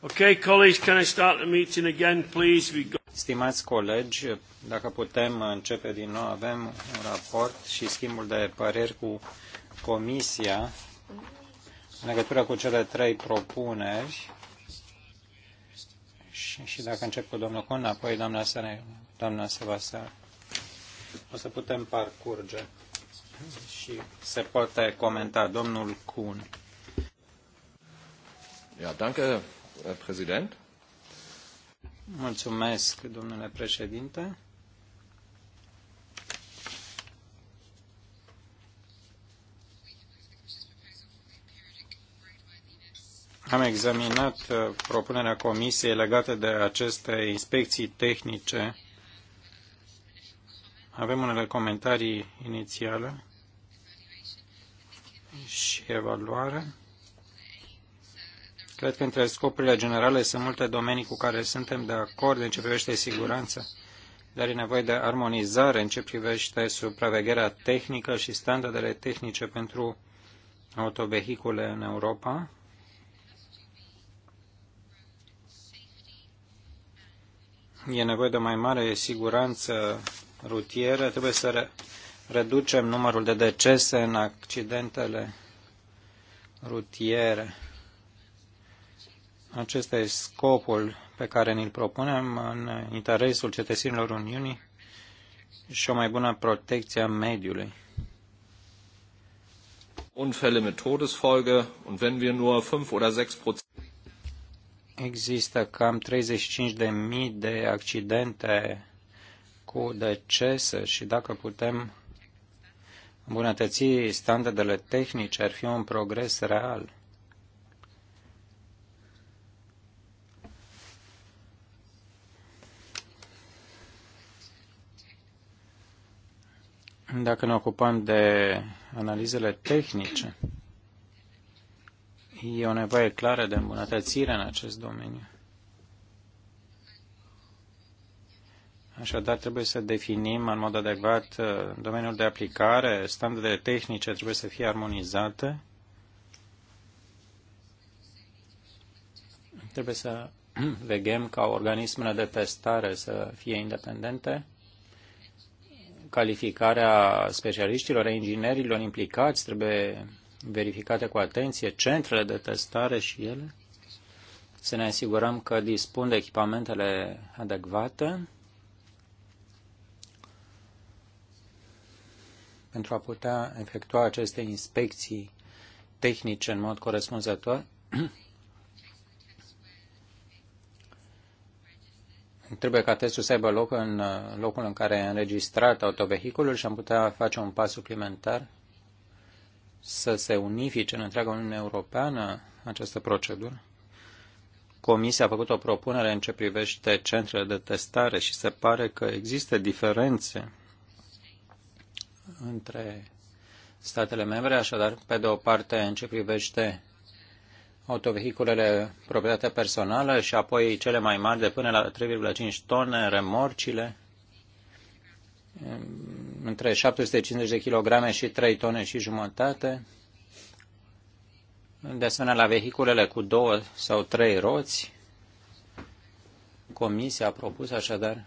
Okay, colleagues, can I start the meeting again, please? We got... Stimați colegi, dacă putem începe din nou, avem un raport și schimbul de păreri cu Comisia în legătură cu cele trei propuneri și, și dacă încep cu domnul Con, apoi doamna, Sene, doamna Sebastian, o să putem parcurge și se poate comenta domnul Kuhn. Ja, danke, Präsident. Mulțumesc, domnule președinte. Am examinat uh, propunerea comisiei legată de aceste inspecții tehnice. Avem unele comentarii inițiale și evaluare. Cred că între scopurile generale sunt multe domenii cu care suntem de acord în ce privește siguranța, dar e nevoie de armonizare în ce privește supravegherea tehnică și standardele tehnice pentru autovehicule în Europa. E nevoie de o mai mare siguranță rutieră. Trebuie să reducem numărul de decese în accidentele rutiere. Acesta este scopul pe care ne-l propunem în interesul cetățenilor Uniunii și o mai bună protecție a mediului. Unfälle mit Todesfolge und wenn wir nur 5 oder 6 Prozent Există cam 35.000 de, de accidente cu decese și dacă putem îmbunătăți standardele tehnice, ar fi un progres real. Dacă ne ocupăm de analizele tehnice, e o nevoie clară de îmbunătățire în acest domeniu. Așadar, trebuie să definim în mod adecvat uh, domeniul de aplicare, standardele tehnice trebuie să fie armonizate. Trebuie să vegem ca organismele de testare să fie independente calificarea specialiștilor, a inginerilor implicați trebuie verificate cu atenție, centrele de testare și ele, să ne asigurăm că dispun de echipamentele adecvate pentru a putea efectua aceste inspecții tehnice în mod corespunzător trebuie ca testul să aibă loc în uh, locul în care e înregistrat autovehiculul și am putea face un pas suplimentar să se unifice în întreaga Uniune Europeană această procedură. Comisia a făcut o propunere în ce privește centrele de testare și se pare că există diferențe între statele membre, așadar, pe de o parte, în ce privește autovehiculele proprietate personală și apoi cele mai mari de până la 3,5 tone, remorcile, între 750 de kg și 3 tone și jumătate. De asemenea, la vehiculele cu două sau trei roți, comisia a propus așadar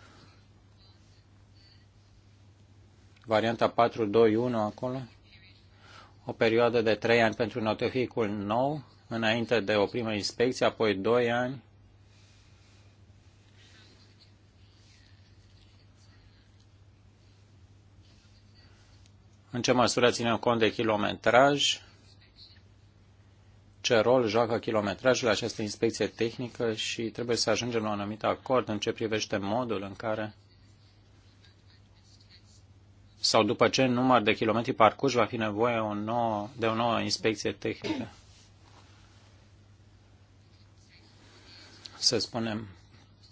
varianta 421 acolo, o perioadă de 3 ani pentru un autovehicul nou, înainte de o primă inspecție, apoi 2 ani în ce măsură ținem cont de kilometraj, ce rol joacă kilometrajul această inspecție tehnică și trebuie să ajungem la un anumit acord în ce privește modul în care sau după ce număr de kilometri parcurs va fi nevoie o nouă, de o nouă inspecție tehnică. să spunem,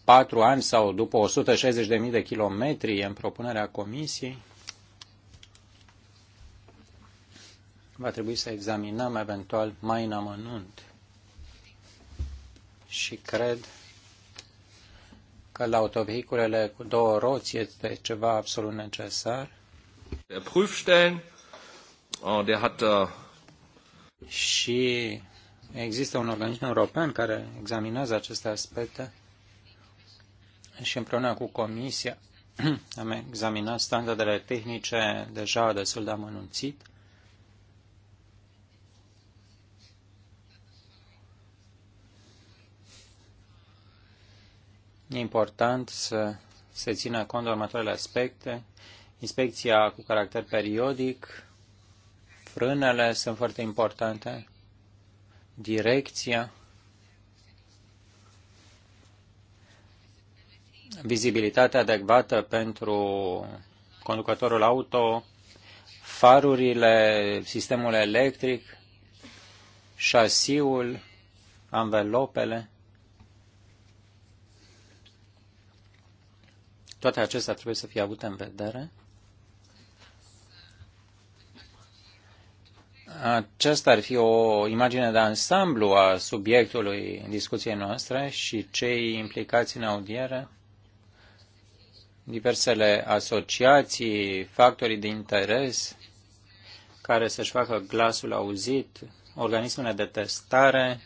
patru ani sau după 160.000 de kilometri în propunerea comisiei, va trebui să examinăm eventual mai în amănunt. Și cred că la autovehiculele cu două roți este ceva absolut necesar. Der Prüfstellen, oh, der hat, uh... Și Există un organism european care examinează aceste aspecte și împreună cu Comisia am examinat standardele tehnice deja destul de amănunțit. E important să se țină cont de următoarele aspecte. Inspecția cu caracter periodic, frânele sunt foarte importante direcția, vizibilitatea adecvată pentru conducătorul auto, farurile, sistemul electric, șasiul, anvelopele. Toate acestea trebuie să fie avute în vedere. Aceasta ar fi o imagine de ansamblu a subiectului discuției noastre și cei implicați în audiere, diversele asociații, factorii de interes care să-și facă glasul auzit, organismele de testare,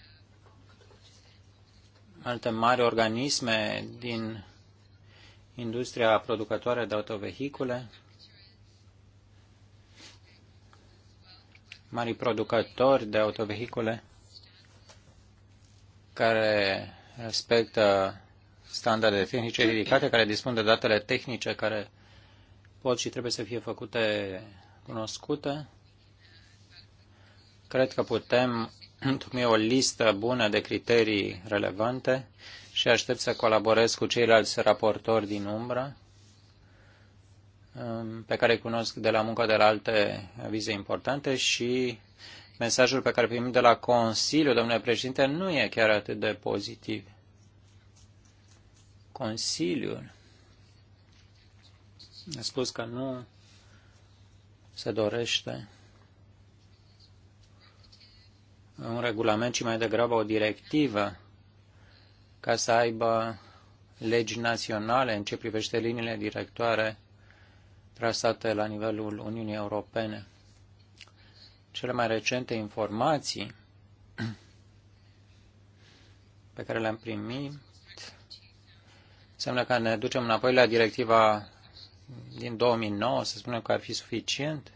alte mari organisme din industria producătoare de autovehicule, mari producători de autovehicule care respectă standarde tehnice ridicate, care dispun de datele tehnice care pot și trebuie să fie făcute cunoscute. Cred că putem întocmi o listă bună de criterii relevante și aștept să colaborez cu ceilalți raportori din umbră Um, pe care îi cunosc de la muncă de la alte vize importante și mesajul pe care primim de la Consiliu, domnule președinte, nu e chiar atât de pozitiv. Consiliul a spus că nu se dorește un regulament, ci mai degrabă o directivă ca să aibă legi naționale în ce privește liniile directoare trasate la nivelul Uniunii Europene. Cele mai recente informații pe care le-am primit înseamnă că ne ducem înapoi la directiva din 2009, să spunem că ar fi suficient.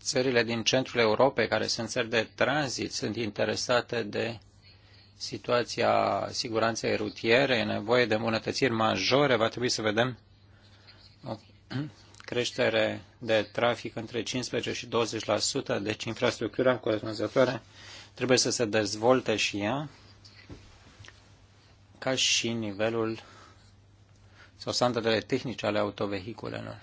Țările din centrul Europei, care sunt țări de tranzit, sunt interesate de situația siguranței rutiere, e nevoie de îmbunătățiri majore, va trebui să vedem o creștere de trafic între 15 și 20%, deci infrastructura corespunzătoare trebuie să se dezvolte și ea, ca și nivelul sau standardele tehnice ale autovehiculelor.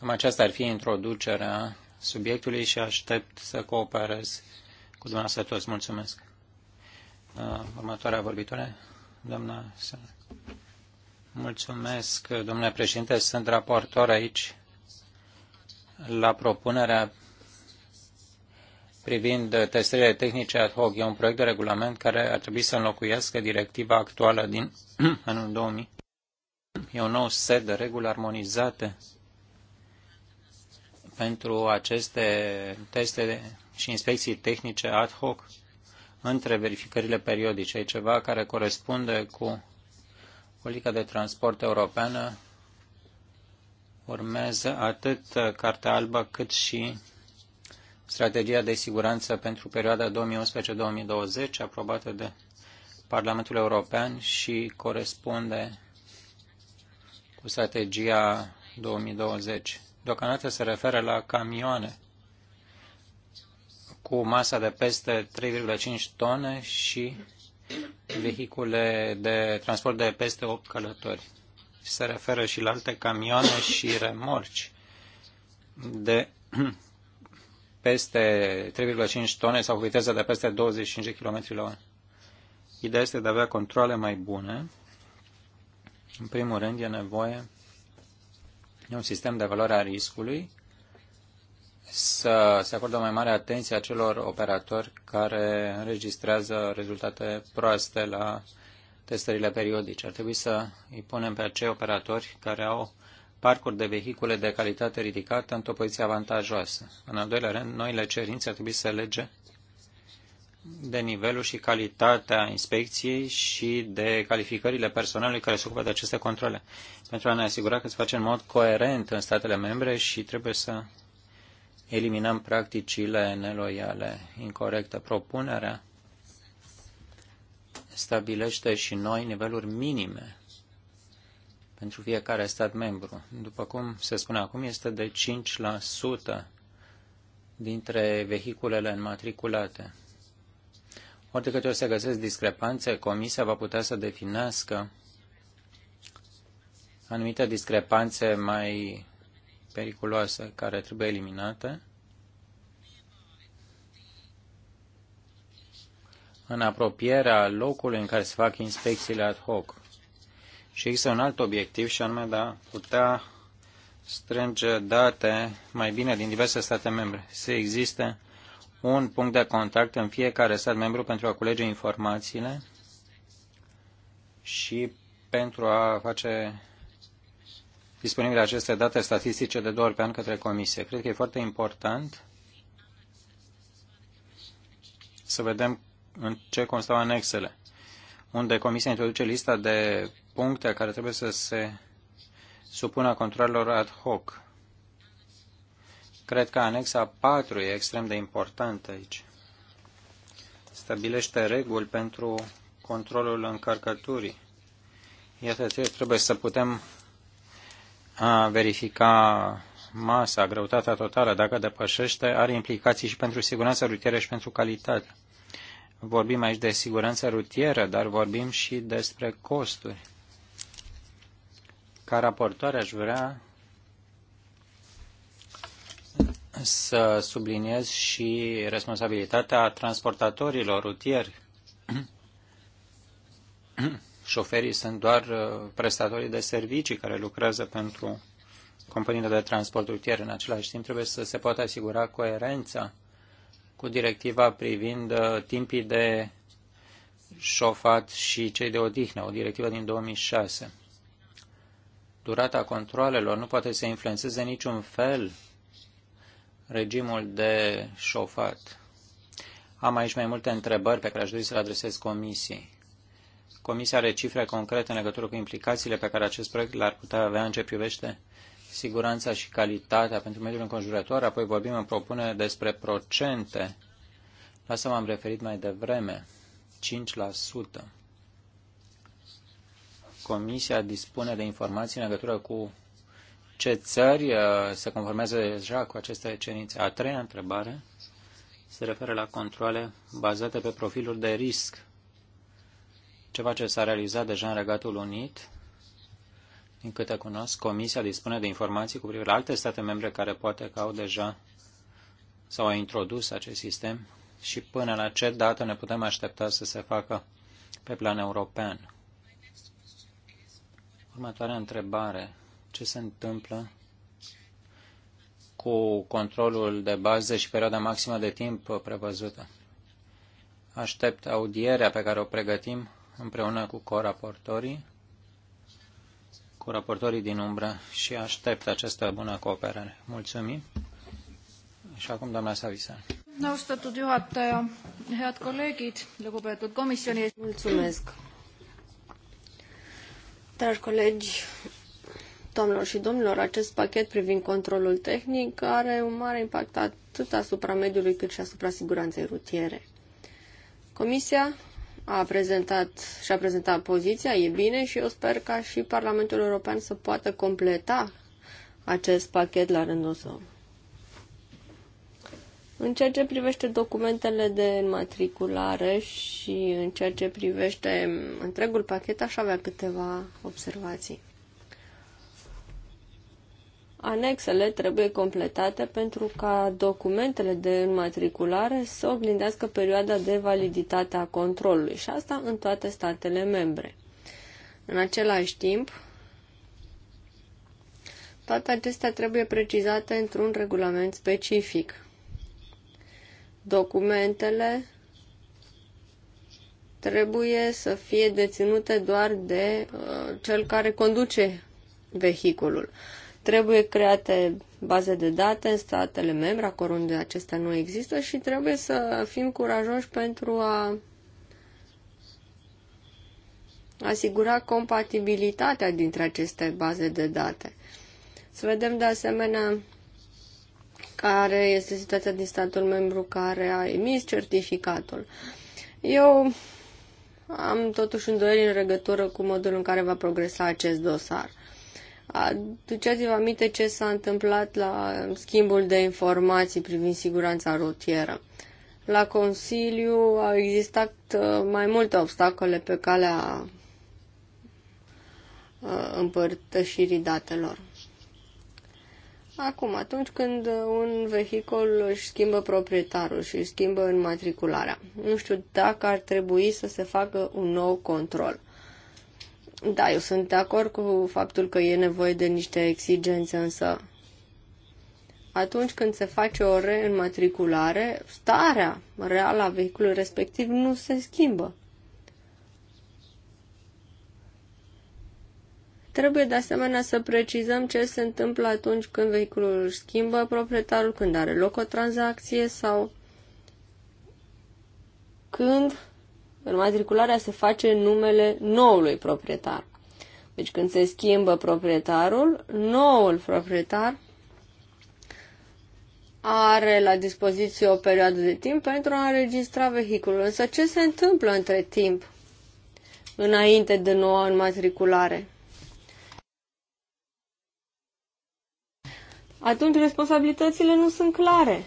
Cam aceasta ar fi introducerea subiectului și aștept să cooperez cu dumneavoastră toți. Mulțumesc. Uh, următoarea vorbitoare, doamna Mulțumesc, domnule președinte. Sunt raportor aici la propunerea privind testările tehnice ad hoc. E un proiect de regulament care ar trebui să înlocuiască directiva actuală din anul 2000. E un nou set de reguli armonizate pentru aceste teste și inspecții tehnice ad hoc între verificările periodice. E ceva care corespunde cu politica de transport europeană. Urmează atât Cartea Albă cât și strategia de siguranță pentru perioada 2011-2020 aprobată de Parlamentul European și corespunde cu strategia 2020. Deocamdată se referă la camioane cu masa de peste 3,5 tone și vehicule de transport de peste 8 călători. Se referă și la alte camioane și remorci de peste 3,5 tone sau cu viteză de peste 25 km la oră. Ideea este de a avea controle mai bune. În primul rând, e nevoie de un sistem de valoare a riscului să se acordă mai mare atenție acelor operatori care înregistrează rezultate proaste la testările periodice. Ar trebui să îi punem pe acei operatori care au parcuri de vehicule de calitate ridicată într-o poziție avantajoasă. În al doilea rând, noile cerințe ar trebui să lege de nivelul și calitatea inspecției și de calificările personalului care se ocupă de aceste controle, pentru a ne asigura că se face în mod coerent în statele membre și trebuie să eliminăm practicile neloiale, incorrecte. Propunerea stabilește și noi niveluri minime pentru fiecare stat membru. După cum se spune acum, este de 5% dintre vehiculele înmatriculate. Ori de câte o să găsesc discrepanțe, Comisia va putea să definească anumite discrepanțe mai periculoasă care trebuie eliminată. în apropierea locului în care se fac inspecțiile ad hoc. Și există un alt obiectiv și anume de a putea strânge date mai bine din diverse state membre. Să existe un punct de contact în fiecare stat membru pentru a culege informațiile și pentru a face disponibile aceste date statistice de două ori pe an către Comisie. Cred că e foarte important să vedem în ce constau anexele, unde Comisia introduce lista de puncte care trebuie să se supună controlelor ad hoc. Cred că anexa 4 e extrem de importantă aici. Stabilește reguli pentru controlul încărcăturii. Iată ce trebuie să putem a verifica masa, greutatea totală, dacă depășește, are implicații și pentru siguranța rutieră și pentru calitate. Vorbim aici de siguranță rutieră, dar vorbim și despre costuri. Ca raportoare aș vrea să subliniez și responsabilitatea transportatorilor rutieri Șoferii sunt doar uh, prestatorii de servicii care lucrează pentru companiile de transport rutier. În același timp, trebuie să se poată asigura coerența cu directiva privind uh, timpii de șofat și cei de odihnă, o directivă din 2006. Durata controlelor nu poate să influențeze niciun fel regimul de șofat. Am aici mai multe întrebări pe care aș dori să le adresez comisiei. Comisia are cifre concrete în legătură cu implicațiile pe care acest proiect l-ar putea avea în ce privește siguranța și calitatea pentru mediul înconjurător, apoi vorbim în propunere despre procente. La asta m-am referit mai devreme, 5%. Comisia dispune de informații în legătură cu ce țări uh, se conformează deja cu aceste cerințe. A treia întrebare se referă la controle bazate pe profiluri de risc ceva ce s-a realizat deja în Regatul Unit. Din câte cunosc, Comisia dispune de informații cu privire la alte state membre care poate că au deja sau au introdus acest sistem și până la ce dată ne putem aștepta să se facă pe plan european. Următoarea întrebare. Ce se întâmplă cu controlul de bază și perioada maximă de timp prevăzută? Aștept audierea pe care o pregătim împreună cu coraportorii, cu raportorii din umbră și aștept această bună cooperare. Mulțumim. Și acum doamna Savisa. Austatud juhataja, head kolleegid, lugupeetud komisjoni. Mulțumesc. Dragi colegi, Doamnelor și domnilor, acest pachet privind controlul tehnic are un mare impact atât asupra mediului cât și asupra siguranței rutiere. Comisia a prezentat și a prezentat poziția, e bine și eu sper ca și Parlamentul European să poată completa acest pachet la rândul său. În ceea ce privește documentele de matriculare și în ceea ce privește întregul pachet, aș avea câteva observații. Anexele trebuie completate pentru ca documentele de înmatriculare să oglindească perioada de validitate a controlului și asta în toate statele membre. În același timp, toate acestea trebuie precizate într-un regulament specific. Documentele trebuie să fie deținute doar de uh, cel care conduce vehiculul. Uh, Trebuie create baze de date în statele membre, acolo unde acestea nu există și trebuie să fim curajoși pentru a asigura compatibilitatea dintre aceste baze de date. Să vedem de asemenea care este situația din statul membru care a emis certificatul. Eu am totuși îndoieli în legătură cu modul în care va progresa acest dosar. Aduceți-vă aminte ce s-a întâmplat la schimbul de informații privind siguranța rutieră. La Consiliu au existat uh, mai multe obstacole pe calea uh, împărtășirii datelor. Acum, atunci când un vehicul își schimbă proprietarul și își schimbă înmatricularea, nu știu dacă ar trebui să se facă un nou control. Da, eu sunt de acord cu faptul că e nevoie de niște exigențe, însă atunci când se face o reînmatriculare, starea reală a vehiculului respectiv nu se schimbă. Trebuie de asemenea să precizăm ce se întâmplă atunci când vehiculul își schimbă proprietarul, când are loc o tranzacție sau când înmatricularea se face în numele noului proprietar. Deci când se schimbă proprietarul, noul proprietar are la dispoziție o perioadă de timp pentru a înregistra vehiculul. Însă ce se întâmplă între timp, înainte de noua înmatriculare? Atunci responsabilitățile nu sunt clare.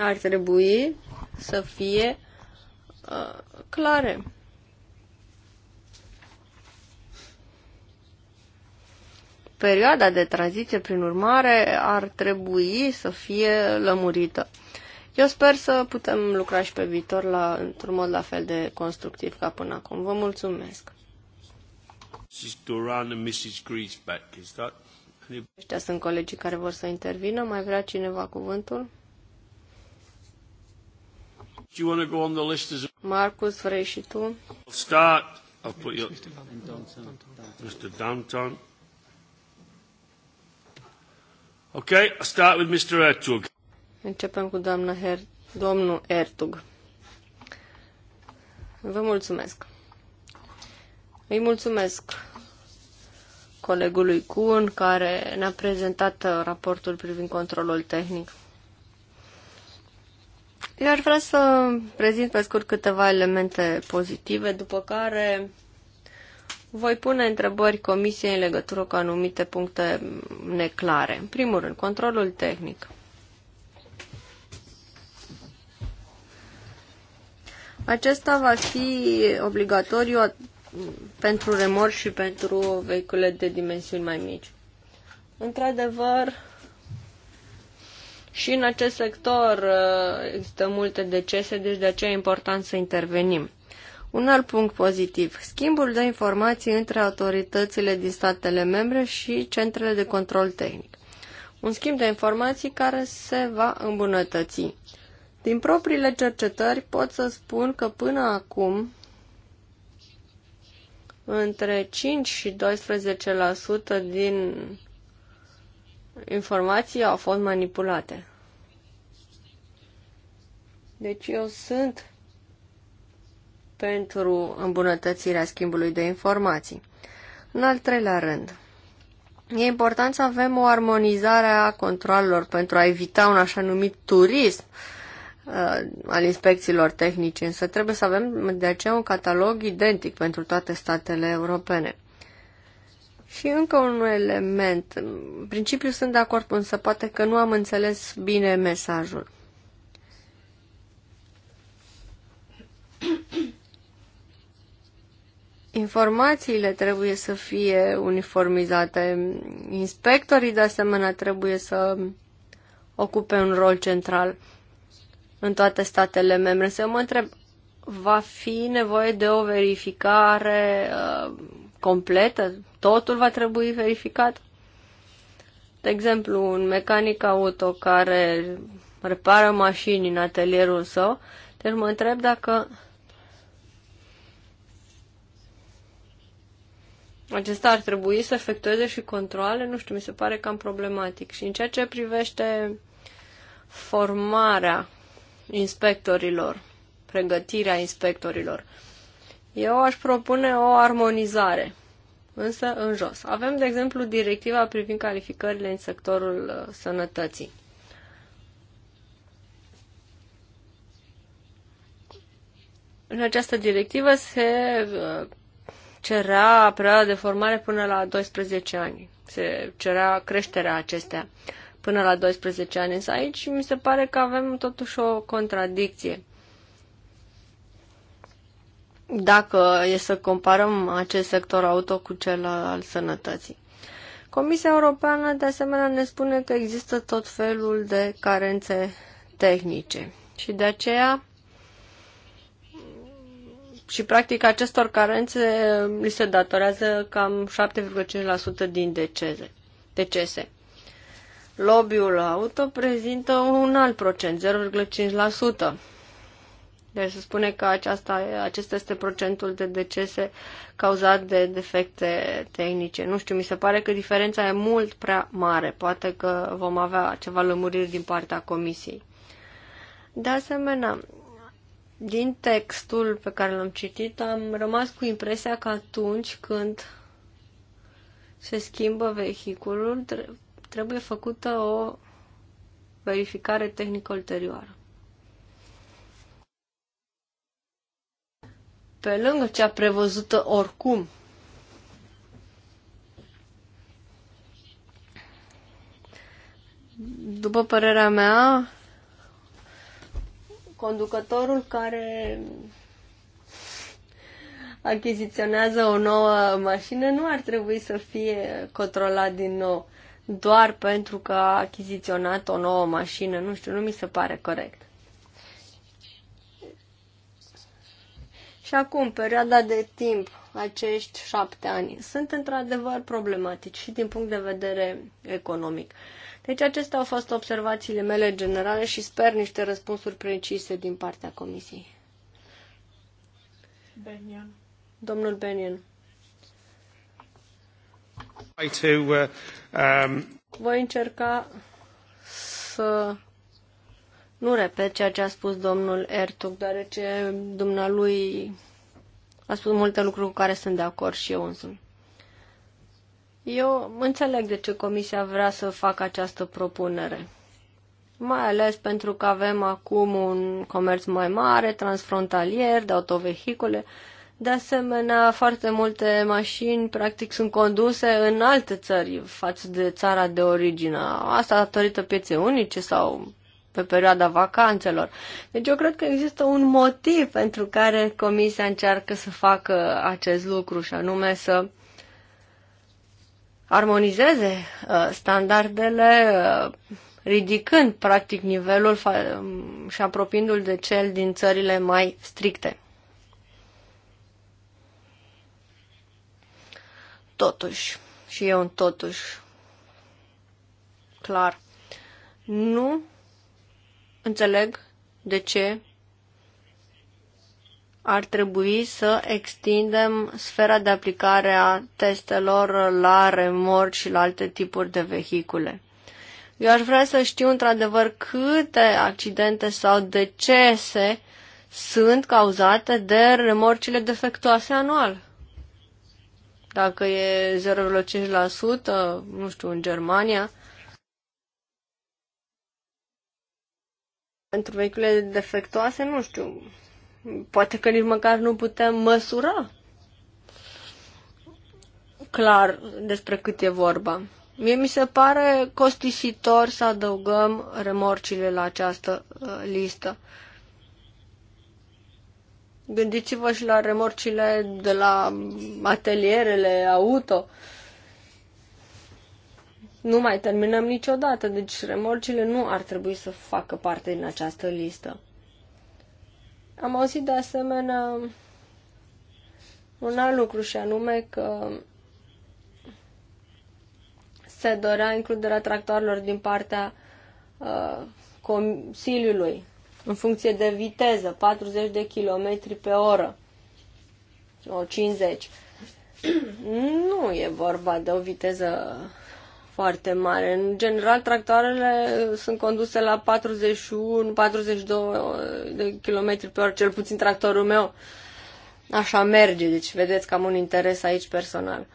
ar trebui să fie uh, clare. Perioada de tranziție, prin urmare, ar trebui să fie lămurită. Eu sper să putem lucra și pe viitor la, într-un mod la fel de constructiv ca până acum. Vă mulțumesc! Mrs. Mrs. Ăștia sunt colegii care vor să intervină. Mai vrea cineva cuvântul? Do you want to go on the list as Marcus, vrei și tu? I'll start. I'll put you... Mr. Danton. Okay, I'll start with Mr. Ertug. Începem cu doamna Her... domnul Ertug. Vă mulțumesc. Îi mulțumesc colegului Kuhn care ne-a prezentat raportul privind controlul tehnic. Eu ar vrea să prezint pe scurt câteva elemente pozitive, după care voi pune întrebări comisiei în legătură cu anumite puncte neclare. În primul rând, controlul tehnic. Acesta va fi obligatoriu pentru remor și pentru vehicule de dimensiuni mai mici. Într-adevăr, și în acest sector uh, există multe decese, deci de aceea e important să intervenim. Un alt punct pozitiv, schimbul de informații între autoritățile din statele membre și centrele de control tehnic. Un schimb de informații care se va îmbunătăți. Din propriile cercetări pot să spun că până acum între 5 și 12% din informații au fost manipulate. Deci eu sunt pentru îmbunătățirea schimbului de informații. În al treilea rând, e important să avem o armonizare a controlelor pentru a evita un așa numit turism uh, al inspecțiilor tehnice, însă trebuie să avem de aceea un catalog identic pentru toate statele europene. Și încă un element. În principiu sunt de acord, însă poate că nu am înțeles bine mesajul. Informațiile trebuie să fie uniformizate. Inspectorii, de asemenea, trebuie să ocupe un rol central în toate statele membre. Să mă întreb, va fi nevoie de o verificare uh, completă, totul va trebui verificat. De exemplu, un mecanic auto care repară mașini în atelierul său, deci mă întreb dacă acesta ar trebui să efectueze și controle, nu știu, mi se pare cam problematic. Și în ceea ce privește formarea inspectorilor, pregătirea inspectorilor, eu aș propune o armonizare, însă în jos. Avem, de exemplu, directiva privind calificările în sectorul uh, sănătății. În această directivă se uh, cerea perioada de formare până la 12 ani. Se cerea creșterea acestea până la 12 ani. Însă aici mi se pare că avem totuși o contradicție dacă e să comparăm acest sector auto cu cel al sănătății. Comisia Europeană, de asemenea, ne spune că există tot felul de carențe tehnice și de aceea și practic acestor carențe li se datorează cam 7,5% din decese. decese. Lobby-ul auto prezintă un alt procent, 0,5%. Deci se spune că aceasta, acesta este procentul de decese cauzat de defecte tehnice. Nu știu, mi se pare că diferența e mult prea mare. Poate că vom avea ceva lămuriri din partea comisiei. De asemenea, din textul pe care l-am citit, am rămas cu impresia că atunci când se schimbă vehiculul, trebuie făcută o verificare tehnică ulterioară. pe lângă cea prevăzută oricum. După părerea mea, conducătorul care achiziționează o nouă mașină nu ar trebui să fie controlat din nou doar pentru că a achiziționat o nouă mașină. Nu știu, nu mi se pare corect. Și acum, perioada de timp, acești șapte ani, sunt într-adevăr problematici și din punct de vedere economic. Deci acestea au fost observațiile mele generale și sper niște răspunsuri precise din partea comisiei. Benian. Domnul Benian. Uh, um, Voi încerca să nu repet ceea ce a spus domnul Ertug, deoarece dumnealui a spus multe lucruri cu care sunt de acord și eu însumi. Eu înțeleg de ce Comisia vrea să facă această propunere. Mai ales pentru că avem acum un comerț mai mare, transfrontalier, de autovehicule. De asemenea, foarte multe mașini practic sunt conduse în alte țări față de țara de origine. Asta datorită pieței unice sau pe perioada vacanțelor. Deci eu cred că există un motiv pentru care Comisia încearcă să facă acest lucru și anume să armonizeze uh, standardele uh, ridicând practic nivelul um, și apropiindu-l de cel din țările mai stricte. Totuși, și eu un totuși, clar, nu Înțeleg de ce ar trebui să extindem sfera de aplicare a testelor la remorci și la alte tipuri de vehicule. Eu aș vrea să știu într-adevăr câte accidente sau decese sunt cauzate de remorcile defectuoase anual. Dacă e 0,5%, nu știu, în Germania, Pentru vehicule defectoase, nu știu, poate că nici măcar nu putem măsura clar despre cât e vorba. Mie mi se pare costisitor să adăugăm remorcile la această uh, listă. Gândiți-vă și la remorcile de la atelierele auto. Uh, nu mai terminăm niciodată, deci remorcile nu ar trebui să facă parte din această listă. Am auzit de asemenea un alt lucru și anume că se dorea includerea tractoarelor din partea uh, Consiliului în funcție de viteză, 40 de km pe oră sau 50. nu e vorba de o viteză foarte mare. În general, tractoarele sunt conduse la 41-42 de km pe oră, cel puțin tractorul meu. Așa merge, deci vedeți că am un interes aici personal.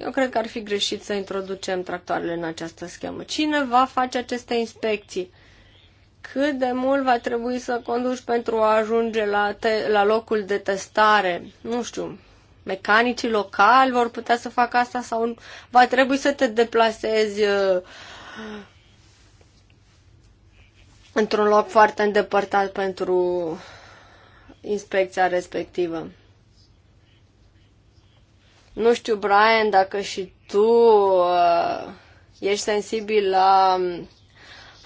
Eu cred că ar fi greșit să introducem tractoarele în această schemă. Cine va face aceste inspecții? Cât de mult va trebui să conduci pentru a ajunge la, te- la locul de testare? Nu știu, mecanicii locali vor putea să facă asta sau nu. va trebui să te deplasezi uh, într-un loc foarte îndepărtat pentru inspecția respectivă. Nu știu, Brian, dacă și tu uh, ești sensibil la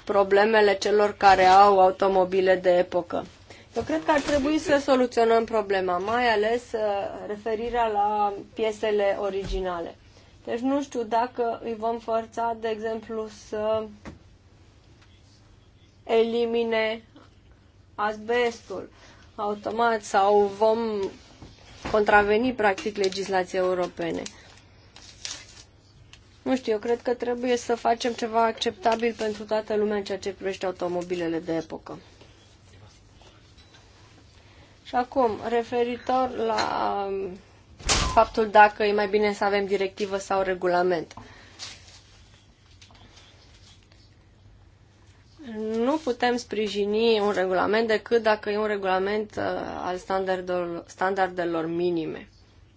problemele celor care au automobile de epocă. Eu cred că ar trebui să soluționăm problema, mai ales uh, referirea la piesele originale. Deci nu știu dacă îi vom forța, de exemplu, să elimine asbestul automat sau vom contraveni practic legislația europene. Nu știu, eu cred că trebuie să facem ceva acceptabil pentru toată lumea în ceea ce privește automobilele de epocă. Și acum, referitor la um, faptul dacă e mai bine să avem directivă sau regulament. Nu putem sprijini un regulament decât dacă e un regulament uh, al standardelor, minime.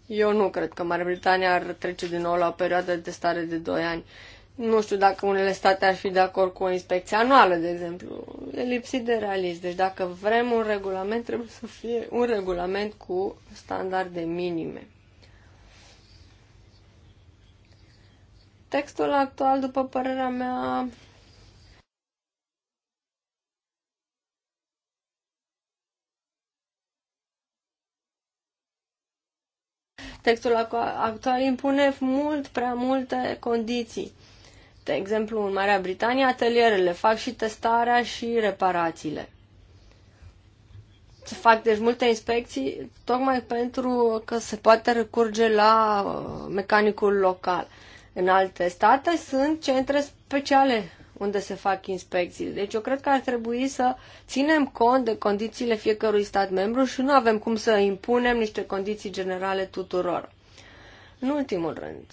Eu nu cred că Marea Britanie ar trece din nou la o perioadă de stare de 2 ani. Uh, nu știu dacă unele state ar fi de acord cu o inspecție anuală, de exemplu. E lipsit de realism. Deci dacă vrem un regulament, trebuie să fie un regulament cu standarde minime. Textul actual, după părerea mea, textul actual impune mult prea multe condiții. De exemplu, în Marea Britanie, atelierele fac și testarea și reparațiile. Se fac deci multe inspecții tocmai pentru că se poate recurge la uh, mecanicul local. În alte state sunt centre speciale unde se fac inspecții. Deci eu cred că ar trebui să ținem cont de condițiile fiecărui stat membru și nu avem cum să impunem niște condiții generale tuturor. În ultimul rând,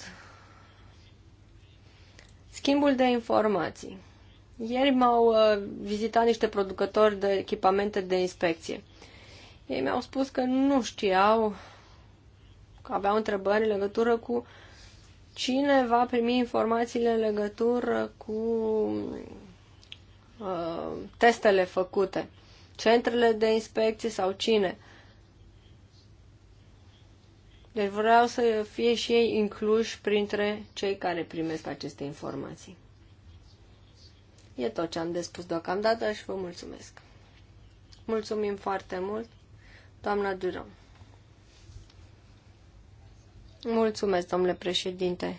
Schimbul de informații. Ieri m-au uh, vizitat niște producători de echipamente de inspecție. Ei mi-au spus că nu știau, că aveau întrebări în legătură cu cine va primi informațiile în legătură cu uh, testele făcute. Centrele de inspecție sau cine? Deci vreau să fie și ei incluși printre cei care primesc aceste informații. E tot ce am de spus deocamdată și vă mulțumesc. Mulțumim foarte mult, doamna Durom. Mulțumesc, domnule președinte.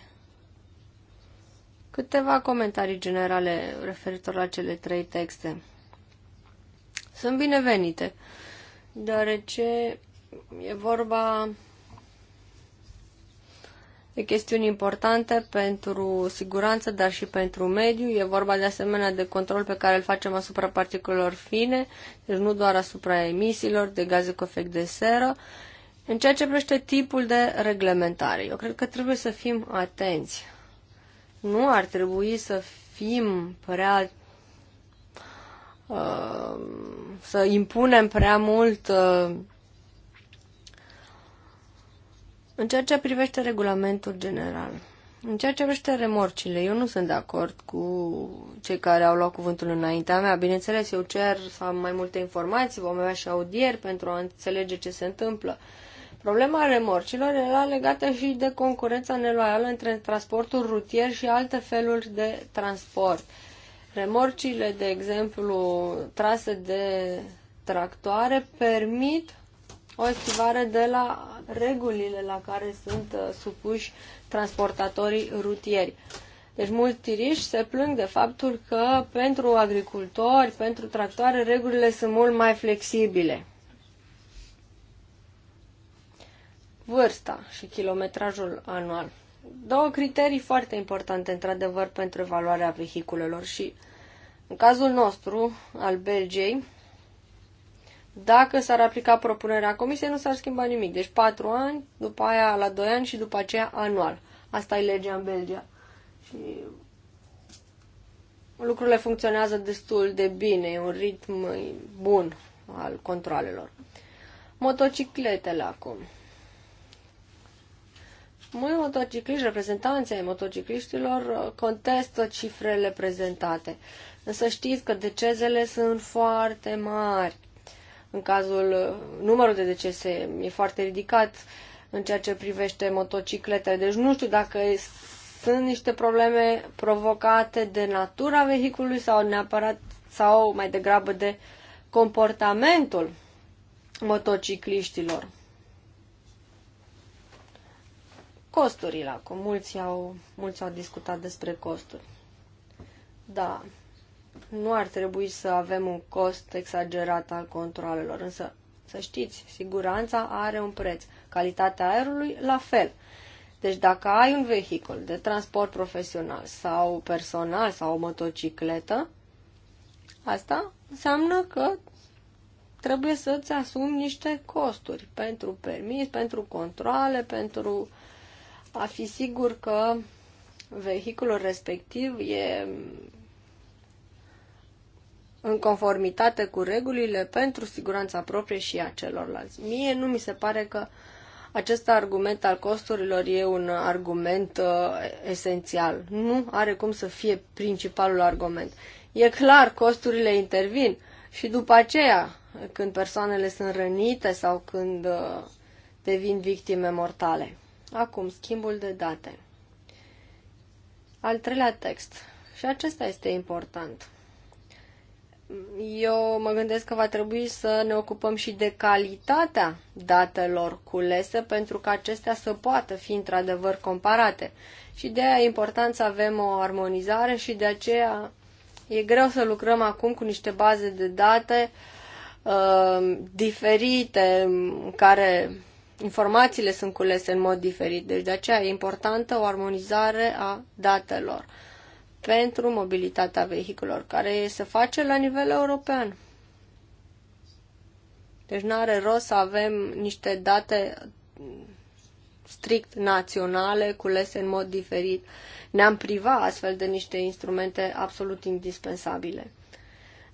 Câteva comentarii generale referitor la cele trei texte. Sunt binevenite, deoarece e vorba de chestiuni importante pentru siguranță, dar și pentru mediu. E vorba de asemenea de control pe care îl facem asupra particulelor fine, deci nu doar asupra emisiilor de gaze cu efect de seră. În ceea ce privește tipul de reglementare, eu cred că trebuie să fim atenți. Nu ar trebui să fim prea uh, să impunem prea mult uh, în ceea ce privește regulamentul general, în ceea ce privește remorcile, eu nu sunt de acord cu cei care au luat cuvântul înaintea mea. Bineînțeles, eu cer să am mai multe informații, vom avea și audieri pentru a înțelege ce se întâmplă. Problema remorcilor era legată și de concurența neloială între transportul rutier și alte feluri de transport. Remorcile, de exemplu, trase de tractoare permit o estivare de la regulile la care sunt uh, supuși transportatorii rutieri. Deci mulți tiriși se plâng de faptul că pentru agricultori, pentru tractoare, regulile sunt mult mai flexibile. Vârsta și kilometrajul anual. Două criterii foarte importante, într-adevăr, pentru evaluarea vehiculelor și, în cazul nostru, al Belgiei, dacă s-ar aplica propunerea comisiei, nu s-ar schimba nimic. Deci 4 ani, după aia la 2 ani și după aceea anual. Asta e legea în Belgia. Și lucrurile funcționează destul de bine, e un ritm bun al controlelor. Motocicletele acum. Mulți motocicliști, reprezentanții ai motocicliștilor, uh, contestă cifrele prezentate. Însă știți că decezele sunt foarte mari în cazul numărul de decese e foarte ridicat în ceea ce privește motocicletele. Deci nu știu dacă sunt niște probleme provocate de natura vehiculului sau neapărat sau mai degrabă de comportamentul motocicliștilor. Costurile acum. Mulți au, mulți au discutat despre costuri. Da, nu ar trebui să avem un cost exagerat al controlelor, însă să știți, siguranța are un preț, calitatea aerului la fel. Deci dacă ai un vehicul de transport profesional sau personal sau o motocicletă, asta înseamnă că trebuie să-ți asumi niște costuri pentru permis, pentru controle, pentru a fi sigur că vehiculul respectiv e în conformitate cu regulile pentru siguranța proprie și a celorlalți. Mie nu mi se pare că acest argument al costurilor e un argument uh, esențial. Nu are cum să fie principalul argument. E clar, costurile intervin și după aceea, când persoanele sunt rănite sau când uh, devin victime mortale. Acum, schimbul de date. Al treilea text. Și acesta este important eu mă gândesc că va trebui să ne ocupăm și de calitatea datelor culese pentru că acestea să poată fi într-adevăr comparate. Și de aia e important să avem o armonizare și de aceea e greu să lucrăm acum cu niște baze de date uh, diferite în care informațiile sunt culese în mod diferit. Deci de aceea e importantă o armonizare a datelor. Uh, pentru mobilitatea vehiculor, care se face la nivel european. Deci nu are rost să avem niște date strict naționale, culese în mod diferit. Ne-am privat astfel de niște instrumente absolut indispensabile.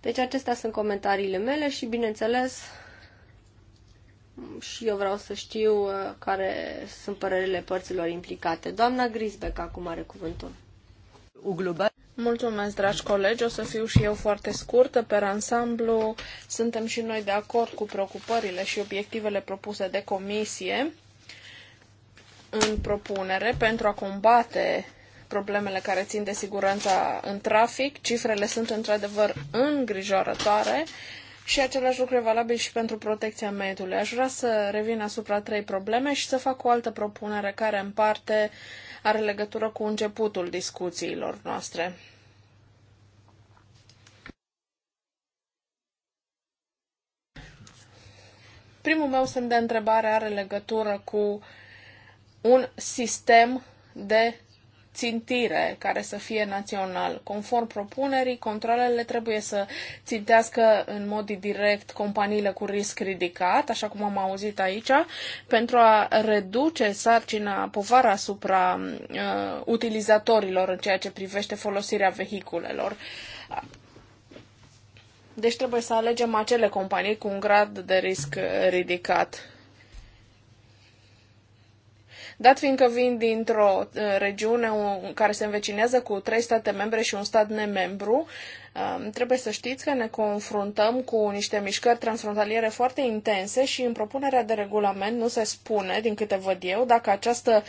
Deci acestea sunt comentariile mele și, bineînțeles, și eu vreau să știu uh, care sunt părerile părților implicate. Doamna Grisbeck acum are cuvântul. Mulțumesc, dragi colegi. O să fiu și eu foarte scurtă. Pe ansamblu suntem și noi de acord cu preocupările și obiectivele propuse de comisie în propunere pentru a combate problemele care țin de siguranța în trafic. Cifrele sunt într-adevăr îngrijorătoare și același lucru e valabil și pentru protecția mediului. Aș vrea să revin asupra trei probleme și să fac o altă propunere care în parte uh, are legătură cu începutul discuțiilor noastre. Primul meu semn de întrebare are legătură cu un sistem de țintire care să fie național. Conform propunerii, controlele trebuie să țintească în mod direct companiile cu risc ridicat, așa cum am auzit aici, pentru a reduce sarcina, povara asupra uh, utilizatorilor în ceea ce privește folosirea vehiculelor. Deci trebuie să alegem acele companii cu un grad de risc ridicat Dat fiindcă vin dintr-o uh, regiune care se învecinează cu trei state membre și un stat nemembru, um, trebuie să știți că ne confruntăm cu niște mișcări transfrontaliere foarte intense și în propunerea de regulament nu se spune, din câte văd eu, dacă această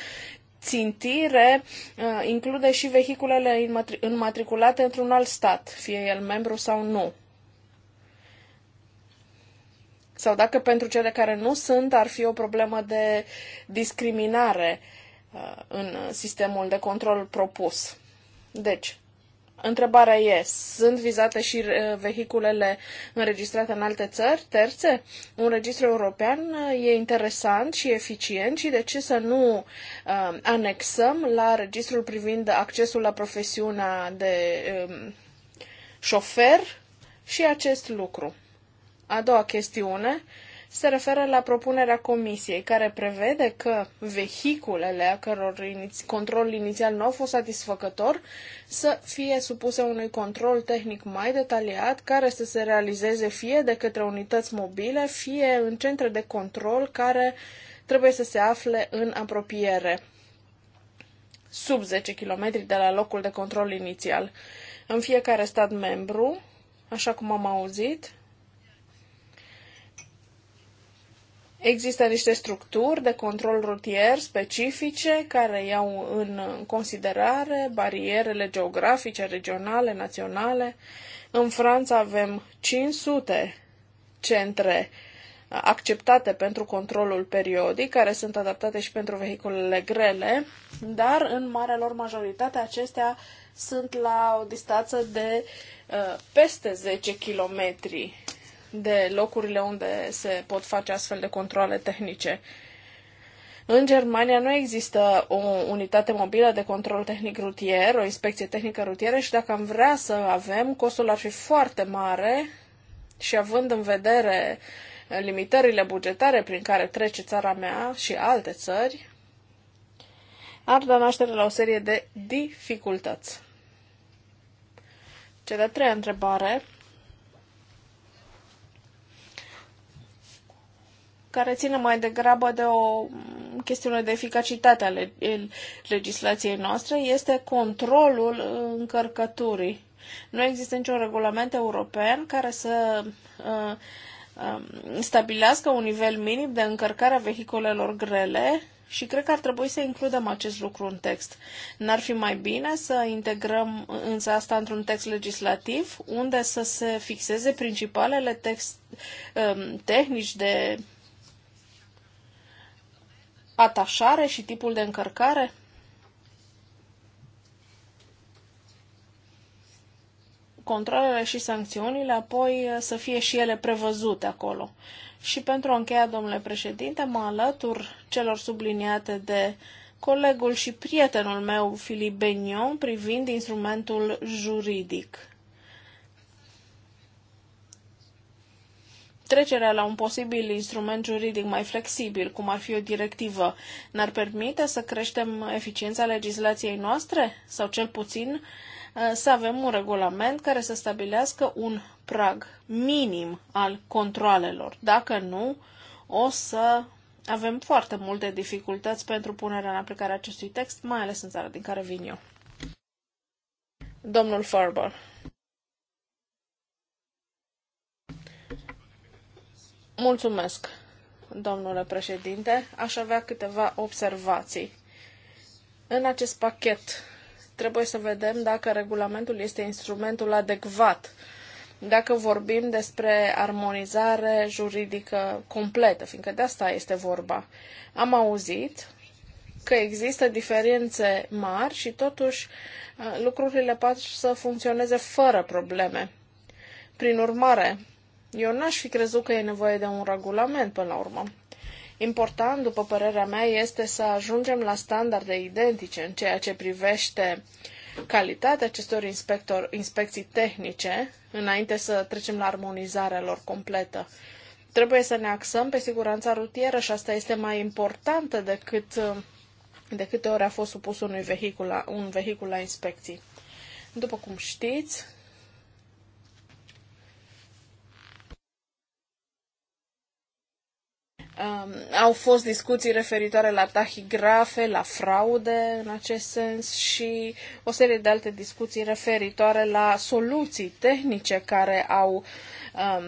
țintire uh, include și vehiculele înmatriculate într-un alt stat, fie el membru sau nu. Sau dacă pentru cele care nu sunt ar fi o problemă de discriminare uh, în sistemul de control propus. Deci, Întrebarea e, sunt vizate și uh, vehiculele înregistrate în alte țări, terțe? Un registru european uh, e interesant și eficient și de ce să nu anexăm la registrul privind accesul la profesiunea de um, șofer și acest lucru? A doua chestiune se referă la propunerea comisiei, care prevede că vehiculele a căror control inițial nu au fost satisfăcător să fie supuse unui control tehnic mai detaliat, care să se realizeze fie de către unități mobile, fie în centre de control care trebuie să se afle în apropiere, sub 10 km de la locul de control inițial. În fiecare stat membru, așa cum am auzit, Există niște structuri de control rutier specifice care iau în considerare barierele geografice, regionale, naționale. În Franța avem 500 centre acceptate pentru controlul periodic, care sunt adaptate și pentru vehiculele grele, dar în marea lor majoritate acestea sunt la o distanță de uh, peste 10 kilometri de locurile unde se pot face astfel de controle tehnice. În Germania nu există o unitate mobilă de control tehnic rutier, o inspecție tehnică rutieră și dacă am vrea să avem, costul ar fi foarte mare și având în vedere limitările bugetare prin care trece țara mea și alte țări, ar da naștere la o serie de dificultăți. Cea de-a treia întrebare care ține mai degrabă de o chestiune de eficacitate a legislației noastre, este controlul încărcăturii. Nu există niciun regulament european care să uh, um, stabilească un nivel minim de încărcare a vehiculelor grele și cred că ar trebui să includem acest lucru în text. N-ar fi mai bine să integrăm însă asta într-un text legislativ unde să se fixeze principalele text, um, tehnici de atașare și tipul de încărcare? Controlele și sancțiunile apoi eh, să fie și ele prevăzute acolo. Și pentru a încheia, domnule președinte, mă alătur celor subliniate de colegul și prietenul meu, Filip Benion, privind instrumentul juridic Trecerea la un posibil instrument juridic mai flexibil, cum ar fi o directivă, n-ar permite să creștem eficiența legislației noastre? Sau cel puțin uh, să avem un regulament care să stabilească un prag minim al controalelor. Dacă nu, o să avem foarte multe dificultăți pentru punerea în aplicare acestui text, mai ales în țara din care vin eu. Domnul Farber. Mulțumesc, domnule președinte. Aș avea câteva observații. În acest pachet trebuie să vedem dacă regulamentul este instrumentul adecvat dacă vorbim despre armonizare juridică completă, fiindcă de asta este vorba. Am auzit că există diferențe mari și totuși lucrurile pot să funcționeze fără probleme. Prin urmare, eu n-aș fi crezut că e nevoie de un regulament până la urmă. Important, după părerea mea, este să ajungem la standarde identice în ceea ce privește calitatea acestor inspector, inspecții tehnice, înainte să trecem la armonizarea lor completă. Trebuie să ne axăm pe siguranța rutieră și asta este mai importantă decât de câte ori a fost supus unui vehicul la, un vehicul la inspecții. După cum știți, Um, au fost discuții referitoare la tahigrafe, la fraude în acest sens și o serie de alte discuții referitoare la soluții tehnice care au um,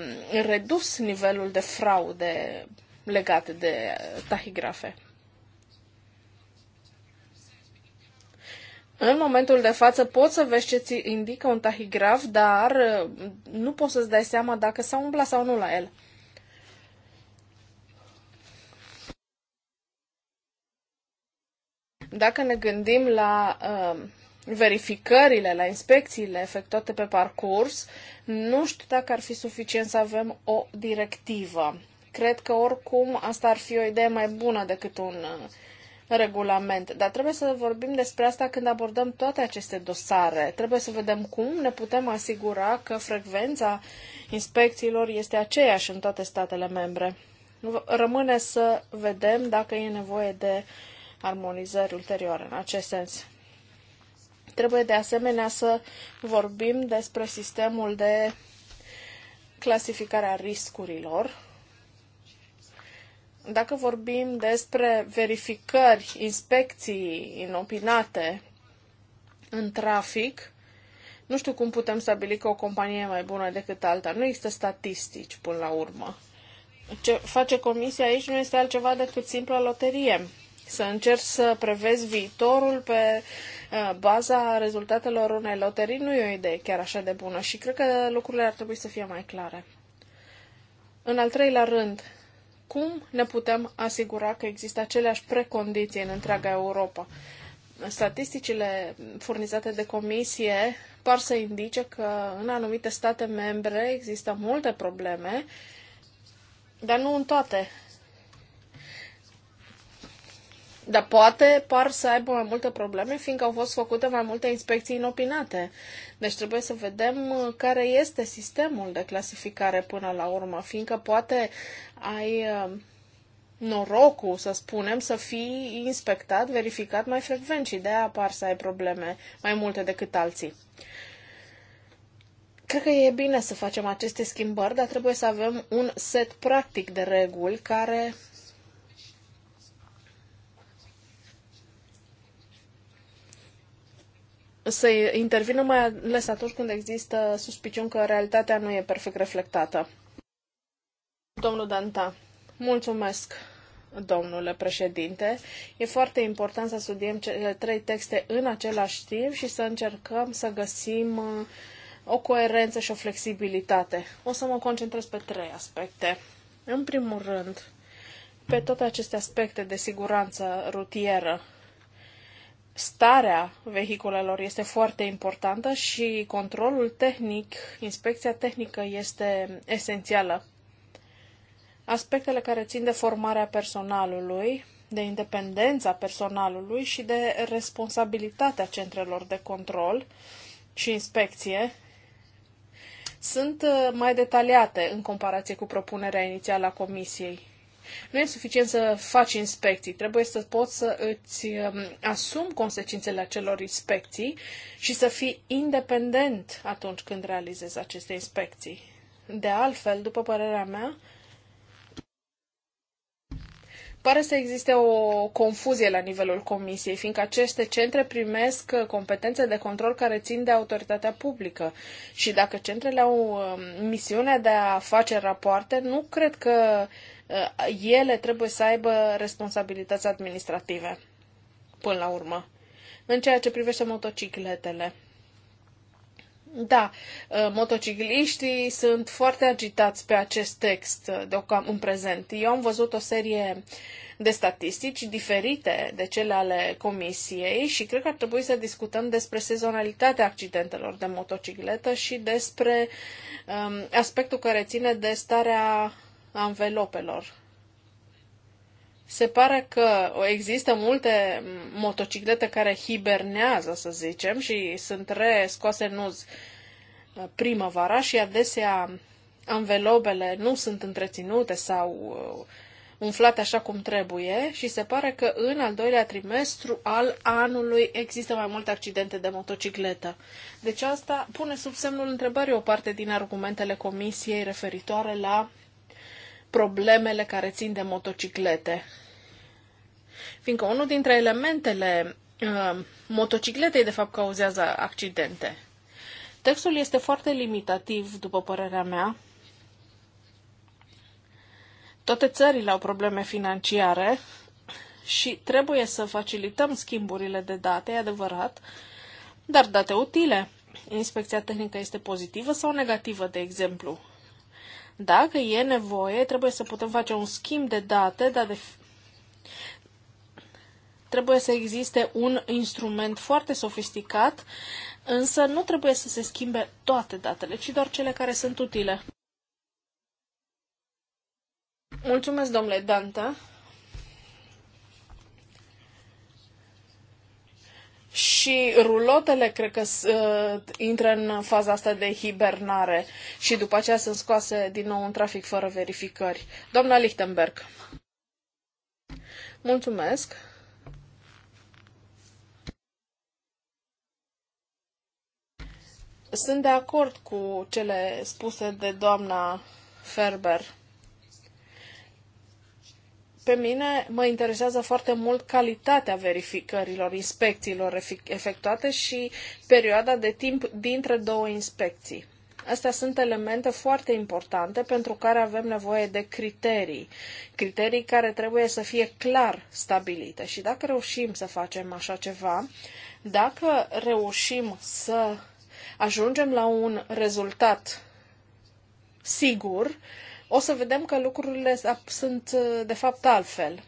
redus nivelul de fraude legate de uh, tahigrafe. În momentul de față poți să vezi ce ți indică un tahigraf, dar uh, nu poți să-ți dai seama dacă s-a umblat sau nu la el. Dacă ne gândim la uh, verificările, la inspecțiile efectuate pe parcurs, nu știu dacă ar fi suficient să avem o directivă. Cred că oricum asta ar fi o idee mai bună decât un uh, regulament. Dar trebuie să vorbim despre asta când abordăm toate aceste dosare. Trebuie să vedem cum ne putem asigura că frecvența inspecțiilor este aceeași în toate statele membre. Rămâne să vedem dacă e nevoie de uh, armonizări ulterioare în acest sens. Trebuie de asemenea să vorbim despre sistemul de clasificare a riscurilor. Dacă vorbim despre verificări, inspecții inopinate în trafic, nu știu cum putem stabili că o companie e mai bună decât alta. Nu există statistici până la urmă. Ce face comisia aici nu este altceva decât simplă loterie să încerci să prevezi viitorul pe uh, baza rezultatelor unei loterii nu e o idee chiar așa de bună și cred că lucrurile ar trebui să fie mai clare. În al treilea rând, cum ne putem asigura că există aceleași precondiții în întreaga Europa? Statisticile furnizate de comisie par să indice că în anumite state membre există multe probleme, dar nu în toate dar poate par să aibă mai multe probleme, fiindcă au fost făcute mai multe inspecții inopinate. Deci trebuie să vedem uh, care este sistemul de clasificare până la urmă, fiindcă poate ai uh, norocul, să spunem, să fii inspectat, verificat mai frecvent și de aia apar să ai probleme mai multe decât alții. Cred că e bine să facem aceste schimbări, dar trebuie să avem un set practic de reguli care să intervină mai ales atunci când există suspiciuni că realitatea nu e perfect reflectată. Domnul Danta, mulțumesc, domnule președinte. E foarte important să studiem cele trei texte în același timp și să încercăm să găsim uh, o coerență și o flexibilitate. O să mă concentrez pe trei aspecte. În primul rând, pe toate aceste aspecte de siguranță rutieră starea vehiculelor este foarte importantă și controlul tehnic, inspecția tehnică este esențială. Aspectele care țin de formarea personalului, de independența personalului și de responsabilitatea centrelor de control și inspecție sunt uh, mai detaliate în comparație cu propunerea inițială a Comisiei. Nu e suficient să faci inspecții, trebuie să poți să îți um, asumi consecințele acelor inspecții și să fii independent atunci când realizezi aceste inspecții. De altfel, după părerea mea, Pare să existe o confuzie la nivelul comisiei, fiindcă aceste centre primesc competențe de control care țin de autoritatea publică. Și dacă centrele au um, misiunea de a face rapoarte, nu cred că uh, Uh, ele trebuie să aibă responsabilități administrative, până la urmă. În ceea ce privește motocicletele, da, uh, motocicliștii sunt foarte agitați pe acest text uh, deocam în prezent. Eu am văzut o serie de statistici diferite de cele ale comisiei și cred că ar trebui să discutăm despre sezonalitatea accidentelor de motocicletă și despre um, aspectul care ține de starea anvelopelor. Se pare că există multe motociclete care hibernează, să zicem, și sunt rescoase în uz primăvara și adesea anvelopele nu sunt întreținute sau uh, umflate așa cum trebuie și se pare că în al doilea trimestru al anului există mai multe accidente de motocicletă. Deci asta pune sub semnul întrebării o parte din argumentele comisiei referitoare la problemele care țin de motociclete. Fiindcă unul dintre elementele uh, motocicletei, de fapt, cauzează accidente. Textul este foarte limitativ, după părerea mea. Toate țările au probleme financiare și trebuie să facilităm schimburile de date, e adevărat, dar date utile. Inspecția tehnică este pozitivă sau negativă, de exemplu? Dacă e nevoie, trebuie să putem face un schimb de date, dar de trebuie să existe un instrument foarte sofisticat, însă nu trebuie să se schimbe toate datele, ci doar cele care sunt utile. Mulțumesc, domnule Danta. și rulotele cred că uh, intră în faza asta de hibernare și după aceea sunt scoase din nou în trafic fără verificări. Doamna Lichtenberg. Mulțumesc. Sunt de acord cu cele spuse de doamna Ferber pe mine mă interesează foarte mult calitatea verificărilor, inspecțiilor efectuate și perioada de timp dintre două inspecții. Astea sunt elemente foarte importante pentru care avem nevoie de criterii, criterii care trebuie să fie clar stabilite. Și dacă reușim să facem așa ceva, dacă reușim să ajungem la un rezultat sigur, uh, o să vedem că lucrurile sunt uh, de fapt altfel.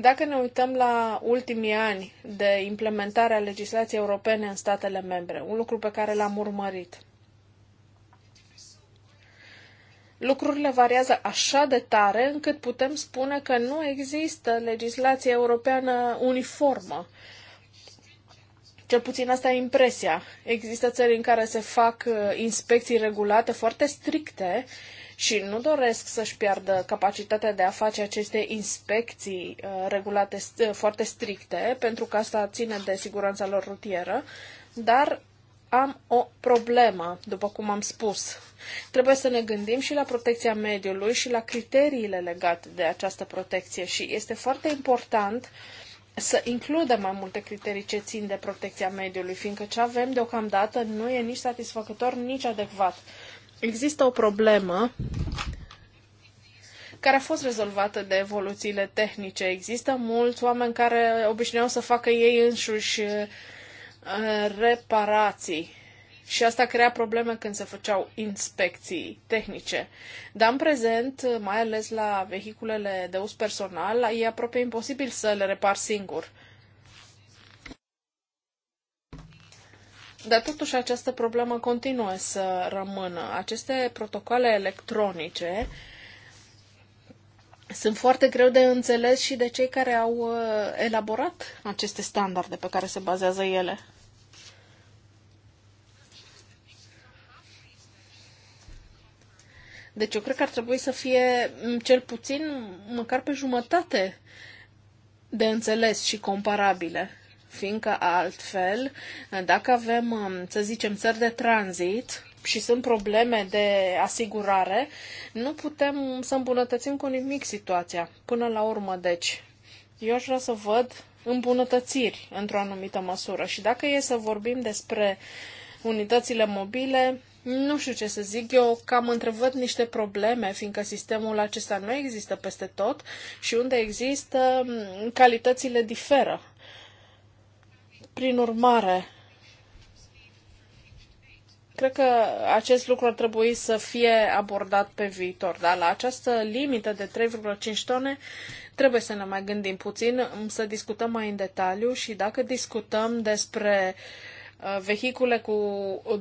Dacă ne uităm la ultimii ani de implementare a legislației europene în statele membre, un lucru pe care l-am urmărit, lucrurile variază așa de tare încât putem spune că nu există legislație europeană uniformă cel puțin asta e impresia. Există țări în care se fac uh, inspecții regulate foarte stricte și nu doresc să-și piardă capacitatea de a face aceste inspecții uh, regulate uh, foarte stricte, pentru că asta ține de siguranța lor rutieră, dar am o problemă, după cum am spus. Trebuie să ne gândim și la protecția mediului și la criteriile legate de această protecție și este foarte important uh, să includă mai multe criterii ce țin de protecția mediului, fiindcă ce avem deocamdată nu e nici satisfăcător, nici adecvat. Există o problemă care a fost rezolvată de evoluțiile tehnice. Există mulți oameni care obișnuiau să facă ei înșuși uh, reparații și asta crea probleme când se făceau inspecții tehnice. Dar în prezent, mai ales la vehiculele de uz personal, e aproape imposibil să le repar singur. Dar totuși această problemă continuă să rămână. Aceste protocoale electronice sunt foarte greu de înțeles și de cei care au uh, elaborat aceste standarde pe care se bazează ele. Deci eu cred că ar trebui să fie cel puțin măcar pe jumătate de înțeles și comparabile. Fiindcă altfel, dacă avem, să zicem, țări de tranzit și sunt probleme de asigurare, nu putem să îmbunătățim cu nimic situația. Până la urmă, deci, eu aș vrea să văd îmbunătățiri într-o anumită măsură. Și dacă e să vorbim despre unitățile mobile, nu știu ce să zic, eu cam întrevăd niște probleme, fiindcă sistemul acesta nu există peste tot și unde există, calitățile diferă. Prin urmare, Cred că acest lucru ar trebui să fie abordat pe viitor, dar la această limită de 3,5 tone trebuie să ne mai gândim puțin, să discutăm mai în detaliu și dacă discutăm despre uh, Uh, vehicule cu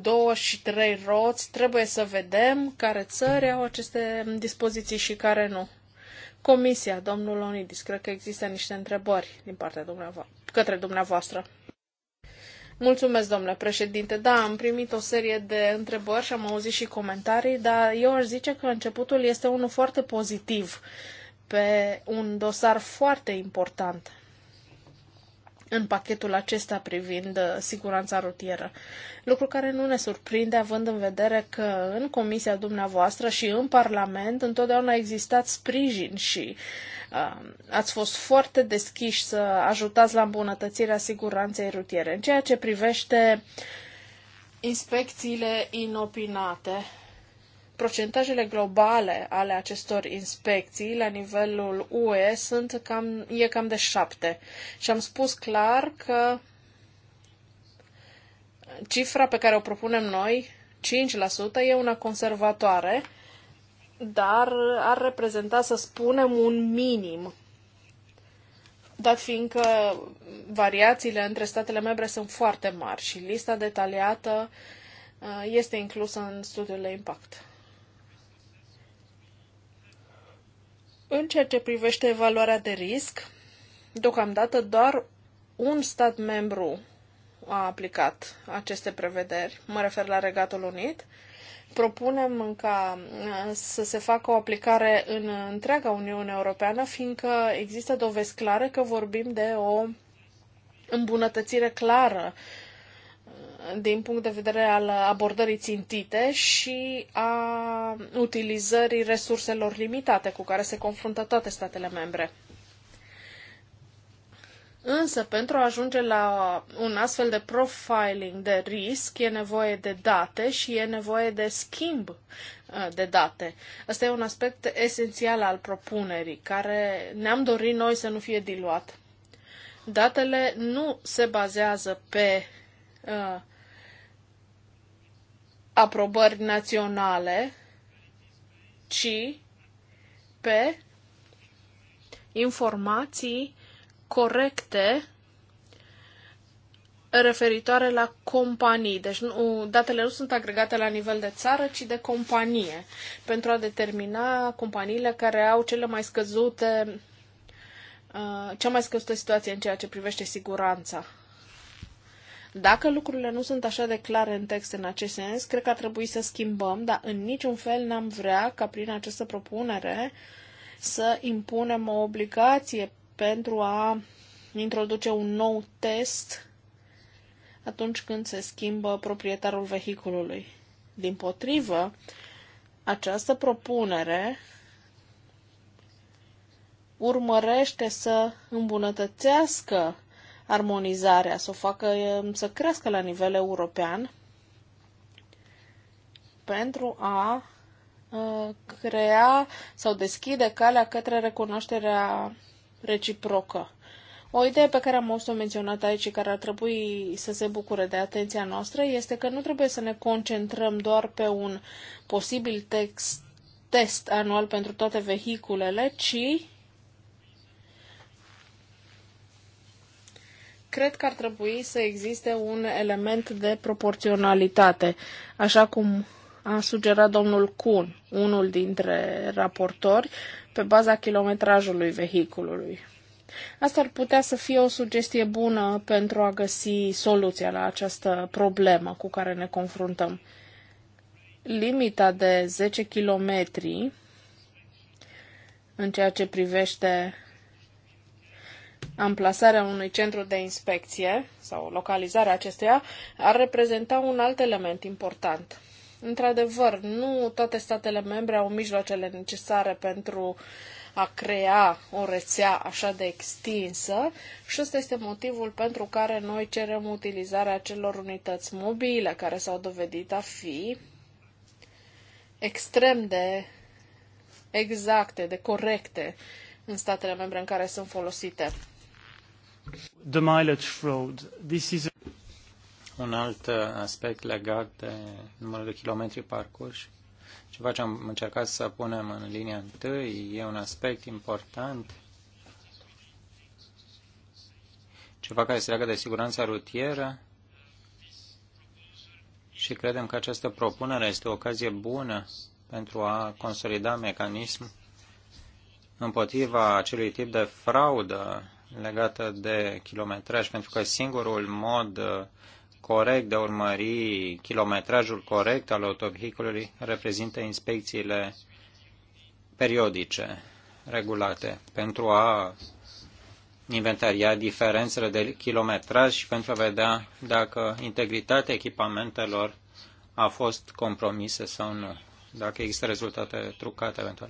două și trei roți, trebuie să vedem care țări au aceste dispoziții și care nu. Comisia, domnul Onidis, cred că există niște întrebări din partea dumneavoastră, către dumneavoastră. Mulțumesc, domnule președinte. Da, am primit o serie de întrebări și am auzit și comentarii, dar eu aș zice că începutul este unul foarte pozitiv pe un dosar foarte important în pachetul acesta privind uh, siguranța rutieră. Lucru care nu ne surprinde, având în vedere că în comisia dumneavoastră și în Parlament întotdeauna a existat sprijin și uh, ați fost foarte deschiși să ajutați la îmbunătățirea siguranței rutiere. În ceea ce privește inspecțiile inopinate, procentajele globale ale acestor inspecții la nivelul UE sunt cam, e cam de șapte. Și am spus clar că cifra pe care o propunem noi, 5%, e una conservatoare, dar ar reprezenta, să spunem, un minim. Dat fiindcă variațiile între statele membre sunt foarte mari și lista detaliată uh, este inclusă în studiul de impact. În ceea ce privește evaluarea de risc, deocamdată doar un stat membru a aplicat aceste prevederi, mă refer la Regatul Unit, propunem ca uh, să se facă o aplicare în întreaga Uniune Europeană, fiindcă există dovezi clare că vorbim de o îmbunătățire clară din punct de vedere al abordării țintite și a utilizării resurselor limitate cu care se confruntă toate statele membre. Însă, pentru a ajunge la un astfel de profiling de risc, e nevoie de date și e nevoie de schimb uh, de date. Asta e un aspect esențial al propunerii, care ne-am dorit noi să nu fie diluat. Datele nu se bazează pe uh, aprobări naționale, ci pe informații corecte referitoare la companii. Deci nu, datele nu sunt agregate la nivel de țară, ci de companie, pentru a determina companiile care au cele mai scăzute, uh, cea mai scăzută situație în ceea ce privește siguranța dacă lucrurile nu sunt așa de clare în text în acest sens, cred că ar trebui să schimbăm, dar în niciun fel n-am vrea ca prin această propunere să impunem o obligație pentru a introduce un nou test atunci când se schimbă proprietarul vehiculului. Din potrivă, această propunere urmărește să îmbunătățească armonizarea, să o facă um, să crească la nivel european pentru a uh, crea sau deschide calea către recunoașterea reciprocă. O idee pe care am auzit-o menționat aici și care ar trebui să se bucure de atenția noastră este că nu trebuie să ne concentrăm doar pe un posibil text, test anual pentru toate vehiculele, ci Cred că ar trebui să existe un element de proporționalitate, așa cum a sugerat domnul Kuhn, unul dintre raportori, pe baza kilometrajului vehiculului. Asta ar putea să fie o sugestie bună pentru a găsi soluția la această problemă cu care ne confruntăm. Limita de 10 km în ceea ce privește amplasarea unui centru de inspecție sau localizarea acesteia ar reprezenta un alt element important. Într-adevăr, nu toate statele membre au mijloacele necesare pentru a crea o rețea așa de extinsă și ăsta este motivul pentru care noi cerem utilizarea celor unități mobile care s-au dovedit a fi extrem de exacte, de corecte în statele membre în care sunt folosite fraud. un alt uh, aspect legat de numărul de kilometri parcurși. Ceva ce am încercat să punem în linia întâi e un aspect important, ceva care se leagă de siguranța rutieră și credem că această propunere este o ocazie bună pentru a consolida mecanism împotriva acelui tip de fraudă legată de kilometraj, pentru că singurul mod uh, corect de a urmări kilometrajul corect al autovehiculului reprezintă inspecțiile periodice, regulate, pentru a inventaria diferențele de kilometraj și pentru a vedea dacă integritatea echipamentelor a fost compromisă sau nu, dacă există rezultate trucate eventual.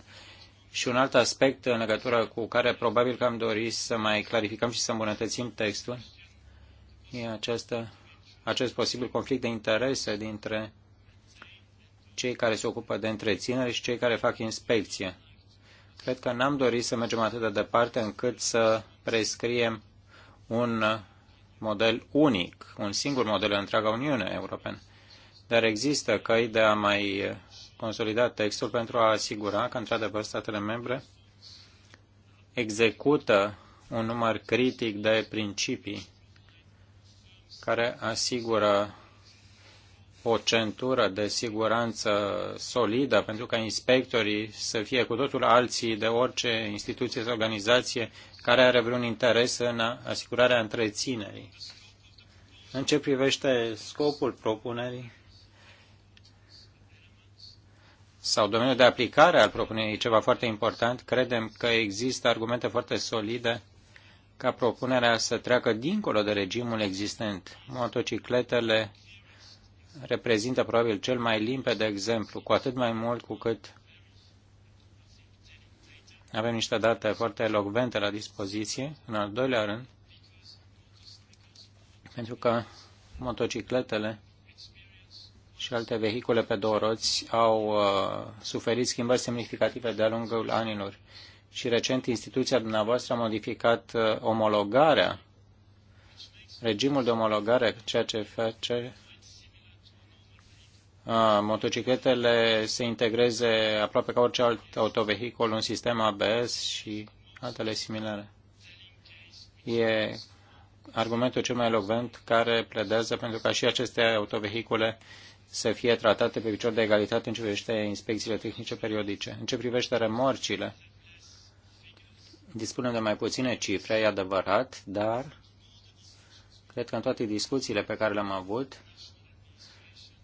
Și un alt aspect în legătură cu care probabil că am dorit să mai clarificăm și să îmbunătățim textul e această, acest posibil conflict de interese dintre cei care se ocupă de întreținere și cei care fac inspecție. Cred că n-am dorit să mergem atât de departe încât să prescriem un model unic, un singur model în întreaga Uniune Europeană. Dar există căi de a mai consolidat textul pentru a asigura că, într-adevăr, statele membre execută un număr critic de principii care asigură o centură de siguranță solidă pentru ca inspectorii să fie cu totul alții de orice instituție sau organizație care are vreun interes în asigurarea întreținerii. În ce privește scopul propunerii, sau domeniul de aplicare al propunerii ceva foarte important, credem că există argumente foarte solide ca propunerea să treacă dincolo de regimul existent. Motocicletele reprezintă probabil cel mai limpede exemplu, cu atât mai mult cu cât avem niște date foarte elocvente la dispoziție, în al doilea rând, pentru că motocicletele și alte vehicule pe două roți au uh, suferit schimbări semnificative de-a lungul anilor. Și recent instituția dumneavoastră a modificat uh, omologarea, regimul de omologare, ceea ce face uh, motocicletele se integreze aproape ca orice alt autovehicul în sistem ABS și altele similare. E argumentul cel mai elocvent care pledează pentru ca și aceste autovehicule să fie tratate pe picior de egalitate în ce privește inspecțiile tehnice periodice. În ce privește remorcile, dispunem de mai puține cifre, e adevărat, dar cred că în toate discuțiile pe care le-am avut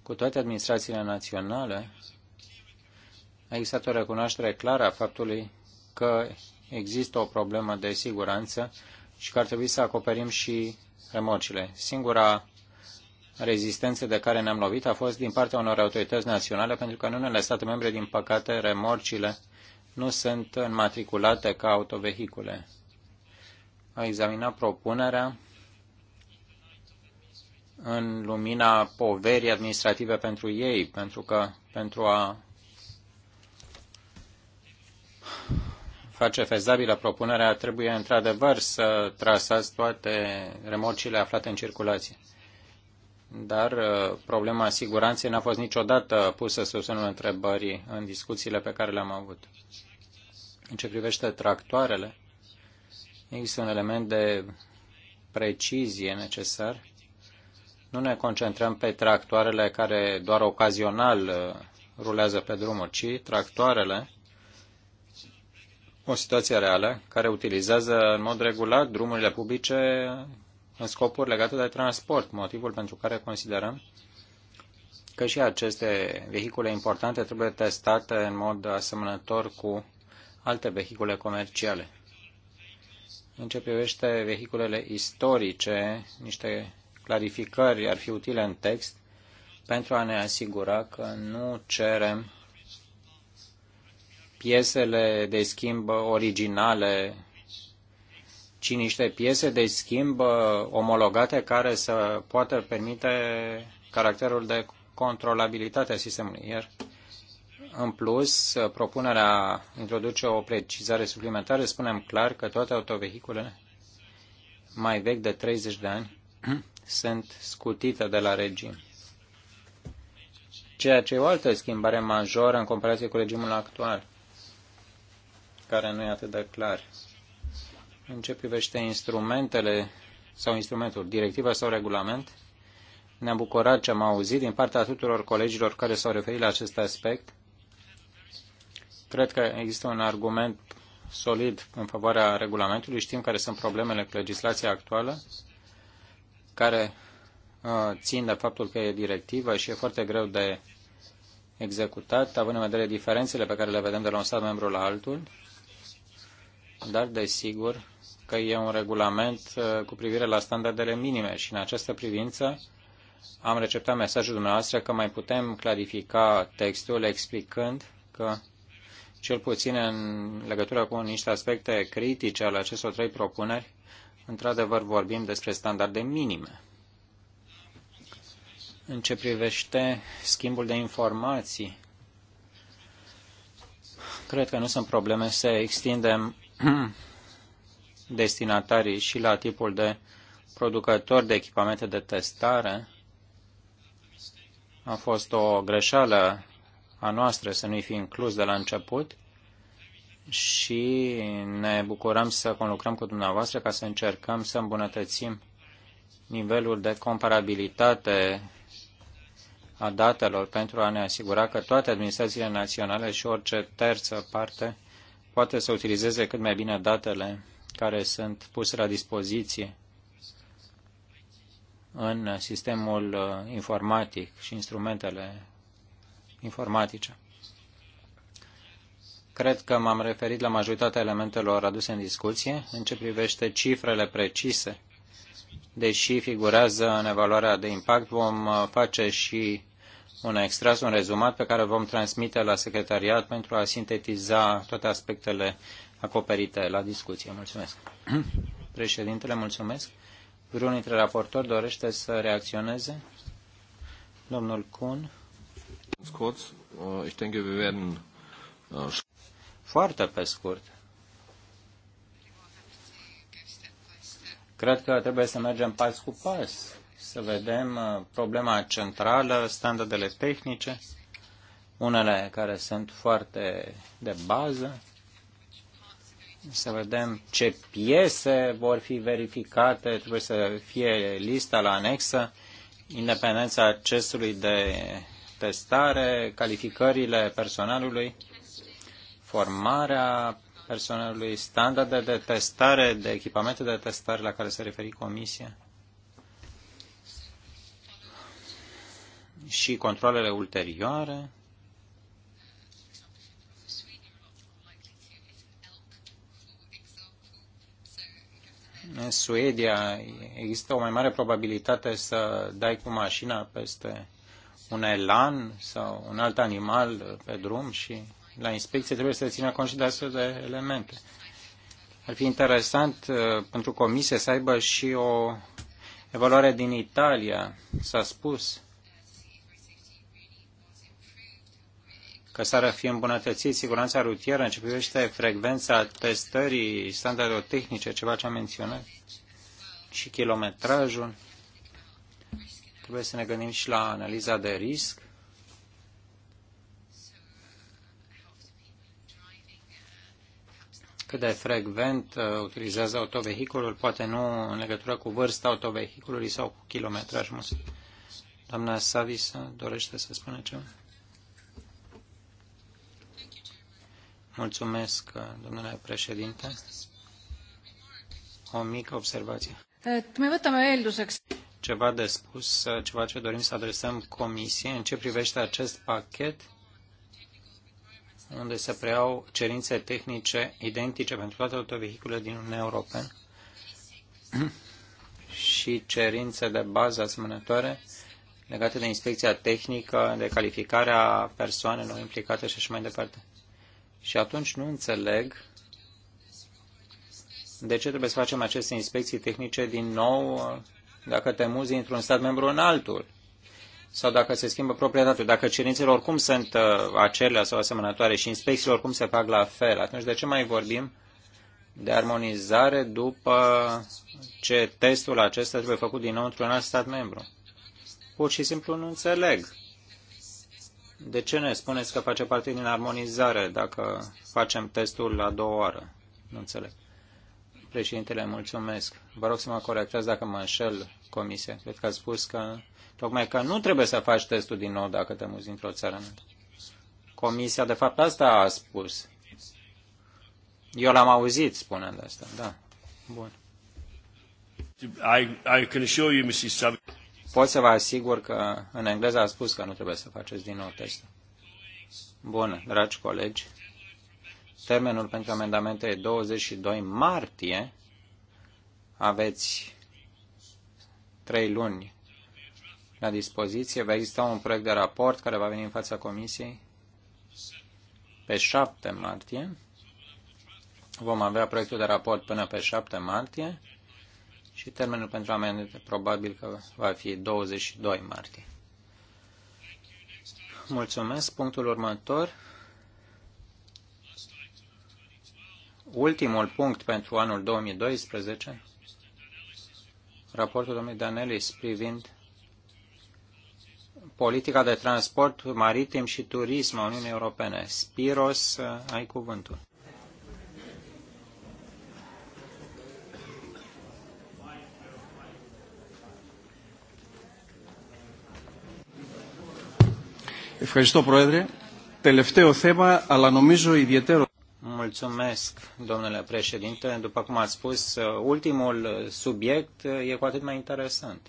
cu toate administrațiile naționale, a existat o recunoaștere clară a faptului că există o problemă de siguranță și că ar trebui să acoperim și remorcile. Singura rezistență de care ne-am lovit a fost din partea unor autorități naționale, pentru că în unele state membre, din păcate, remorcile nu sunt înmatriculate ca autovehicule. A examinat propunerea în lumina poverii administrative pentru ei, pentru că pentru a face fezabilă propunerea, trebuie într-adevăr să trasați toate remorcile aflate în circulație dar uh, problema siguranței n-a fost niciodată pusă sub semnul întrebării în discuțiile pe care le-am avut. În ce privește tractoarele, există un element de precizie necesar. Nu ne concentrăm pe tractoarele care doar ocazional uh, rulează pe drumuri, ci tractoarele, o situație reală, care utilizează în mod regulat drumurile publice în scopuri legate de transport, motivul pentru care considerăm că și aceste vehicule importante trebuie testate în mod asemănător cu alte vehicule comerciale. În ce privește vehiculele istorice, niște clarificări ar fi utile în text pentru a ne asigura că nu cerem piesele de schimb originale ci niște piese de schimb uh, omologate care să poată permite caracterul de controlabilitate a sistemului. Iar în plus, uh, propunerea introduce o precizare suplimentară. Spunem clar că toate autovehiculele mai vechi de 30 de ani sunt scutite de la regim. Ceea ce e o altă schimbare majoră în comparație cu regimul actual, care nu e atât de clar. În ce privește instrumentele sau instrumentul, directiva sau regulament, ne-am bucurat ce am auzit din partea tuturor colegilor care s-au referit la acest aspect. Cred că există un argument solid în favoarea regulamentului. Știm care sunt problemele cu legislația actuală, care uh, țin de faptul că e directivă și e foarte greu de executat, având în vedere diferențele pe care le vedem de la un stat membru la altul, dar, desigur, că e un regulament uh, cu privire la standardele minime și în această privință am receptat mesajul dumneavoastră că mai putem clarifica textul explicând că cel puțin în legătură cu niște aspecte critice ale acestor trei propuneri, într-adevăr vorbim despre standarde minime. În ce privește schimbul de informații, cred că nu sunt probleme să extindem destinatarii și la tipul de producători de echipamente de testare. A fost o greșeală a noastră să nu-i fi inclus de la început și ne bucurăm să conlucrăm cu dumneavoastră ca să încercăm să îmbunătățim nivelul de comparabilitate a datelor pentru a ne asigura că toate administrațiile naționale și orice terță parte poate să utilizeze cât mai bine datele care sunt puse la dispoziție în sistemul uh, informatic și instrumentele informatice. Cred că m-am referit la majoritatea elementelor aduse în discuție în ce privește cifrele precise. Deși figurează în evaluarea de impact, vom uh, face și un extras, un rezumat pe care vom transmite la secretariat pentru a sintetiza toate aspectele acoperite la discuție. Mulțumesc. Președintele, mulțumesc. Vreunul dintre raportori dorește să reacționeze? Domnul Kuhn. Äh, äh, foarte pe scurt. Cred că trebuie să mergem pas cu pas, să vedem uh, problema centrală, standardele tehnice, unele care sunt foarte de bază, să vedem ce piese vor fi verificate, trebuie să fie lista la anexă, independența accesului de testare, calificările personalului, formarea personalului, standarde de testare, de echipamente de testare la care se referi comisia și controlele ulterioare. în Suedia există o mai mare probabilitate să dai cu mașina peste un elan sau un alt animal pe drum și la inspecție trebuie să țină cont și de astfel de elemente. Ar fi interesant uh, pentru comisie să aibă și o evaluare din Italia, s-a spus, că s-ar fi îmbunătățit siguranța rutieră în ce privește frecvența testării standardelor tehnice, ceva ce am menționat, și kilometrajul. Trebuie să ne gândim și la analiza de risc. cât de frecvent uh, utilizează autovehiculul, poate nu în legătură cu vârsta autovehiculului sau cu kilometraj. Doamna Savisa dorește să spună ceva? Mulțumesc, domnule președinte. O mică observație. Eh, ceva de spus, ceva ce dorim să adresăm comisiei în ce privește acest pachet unde se preiau cerințe tehnice identice pentru toate autovehiculele din Uniunea Europeană și cerințe de bază asemănătoare legate de inspecția tehnică, de calificarea persoanelor implicate și așa mai departe. Și atunci nu înțeleg de ce trebuie să facem aceste inspecții tehnice din nou dacă te muzi într-un stat membru în altul sau dacă se schimbă proprietatea, dacă cerințele oricum sunt uh, acelea sau asemănătoare și inspecțiile oricum se fac la fel, atunci de ce mai vorbim de armonizare după ce testul acesta trebuie făcut din nou într-un alt stat membru? Pur și simplu nu înțeleg. De ce ne spuneți că face parte din armonizare dacă facem testul la două oară? Nu înțeleg. Președintele, mulțumesc. Vă rog să mă corectați dacă mă înșel comisia. Cred că ați spus că tocmai că nu trebuie să faci testul din nou dacă te muți dintr-o țară Comisia, de fapt, asta a spus. Eu l-am auzit spunând asta, da. Bun. I, I can assure you, Mrs pot să vă asigur că în engleză a spus că nu trebuie să faceți din nou testul. Bun, dragi colegi, termenul pentru amendamente e 22 martie. Aveți trei luni la dispoziție. Va exista un proiect de raport care va veni în fața comisiei pe 7 martie. Vom avea proiectul de raport până pe 7 martie și termenul pentru amendamente probabil că va fi 22 martie. Mulțumesc. Punctul următor. Ultimul punct pentru anul 2012. Raportul domnului Danelis privind politica de transport maritim și turism a Uniunii Europene. Spiros, ai cuvântul. Ευχαριστώ, Πρόεδρε. Τελευταίο θέμα, αλλά νομίζω ιδιαίτερο. Mulțumesc, domnule președinte. După cum ați spus, ultimul subiect e cu atât mai interesant.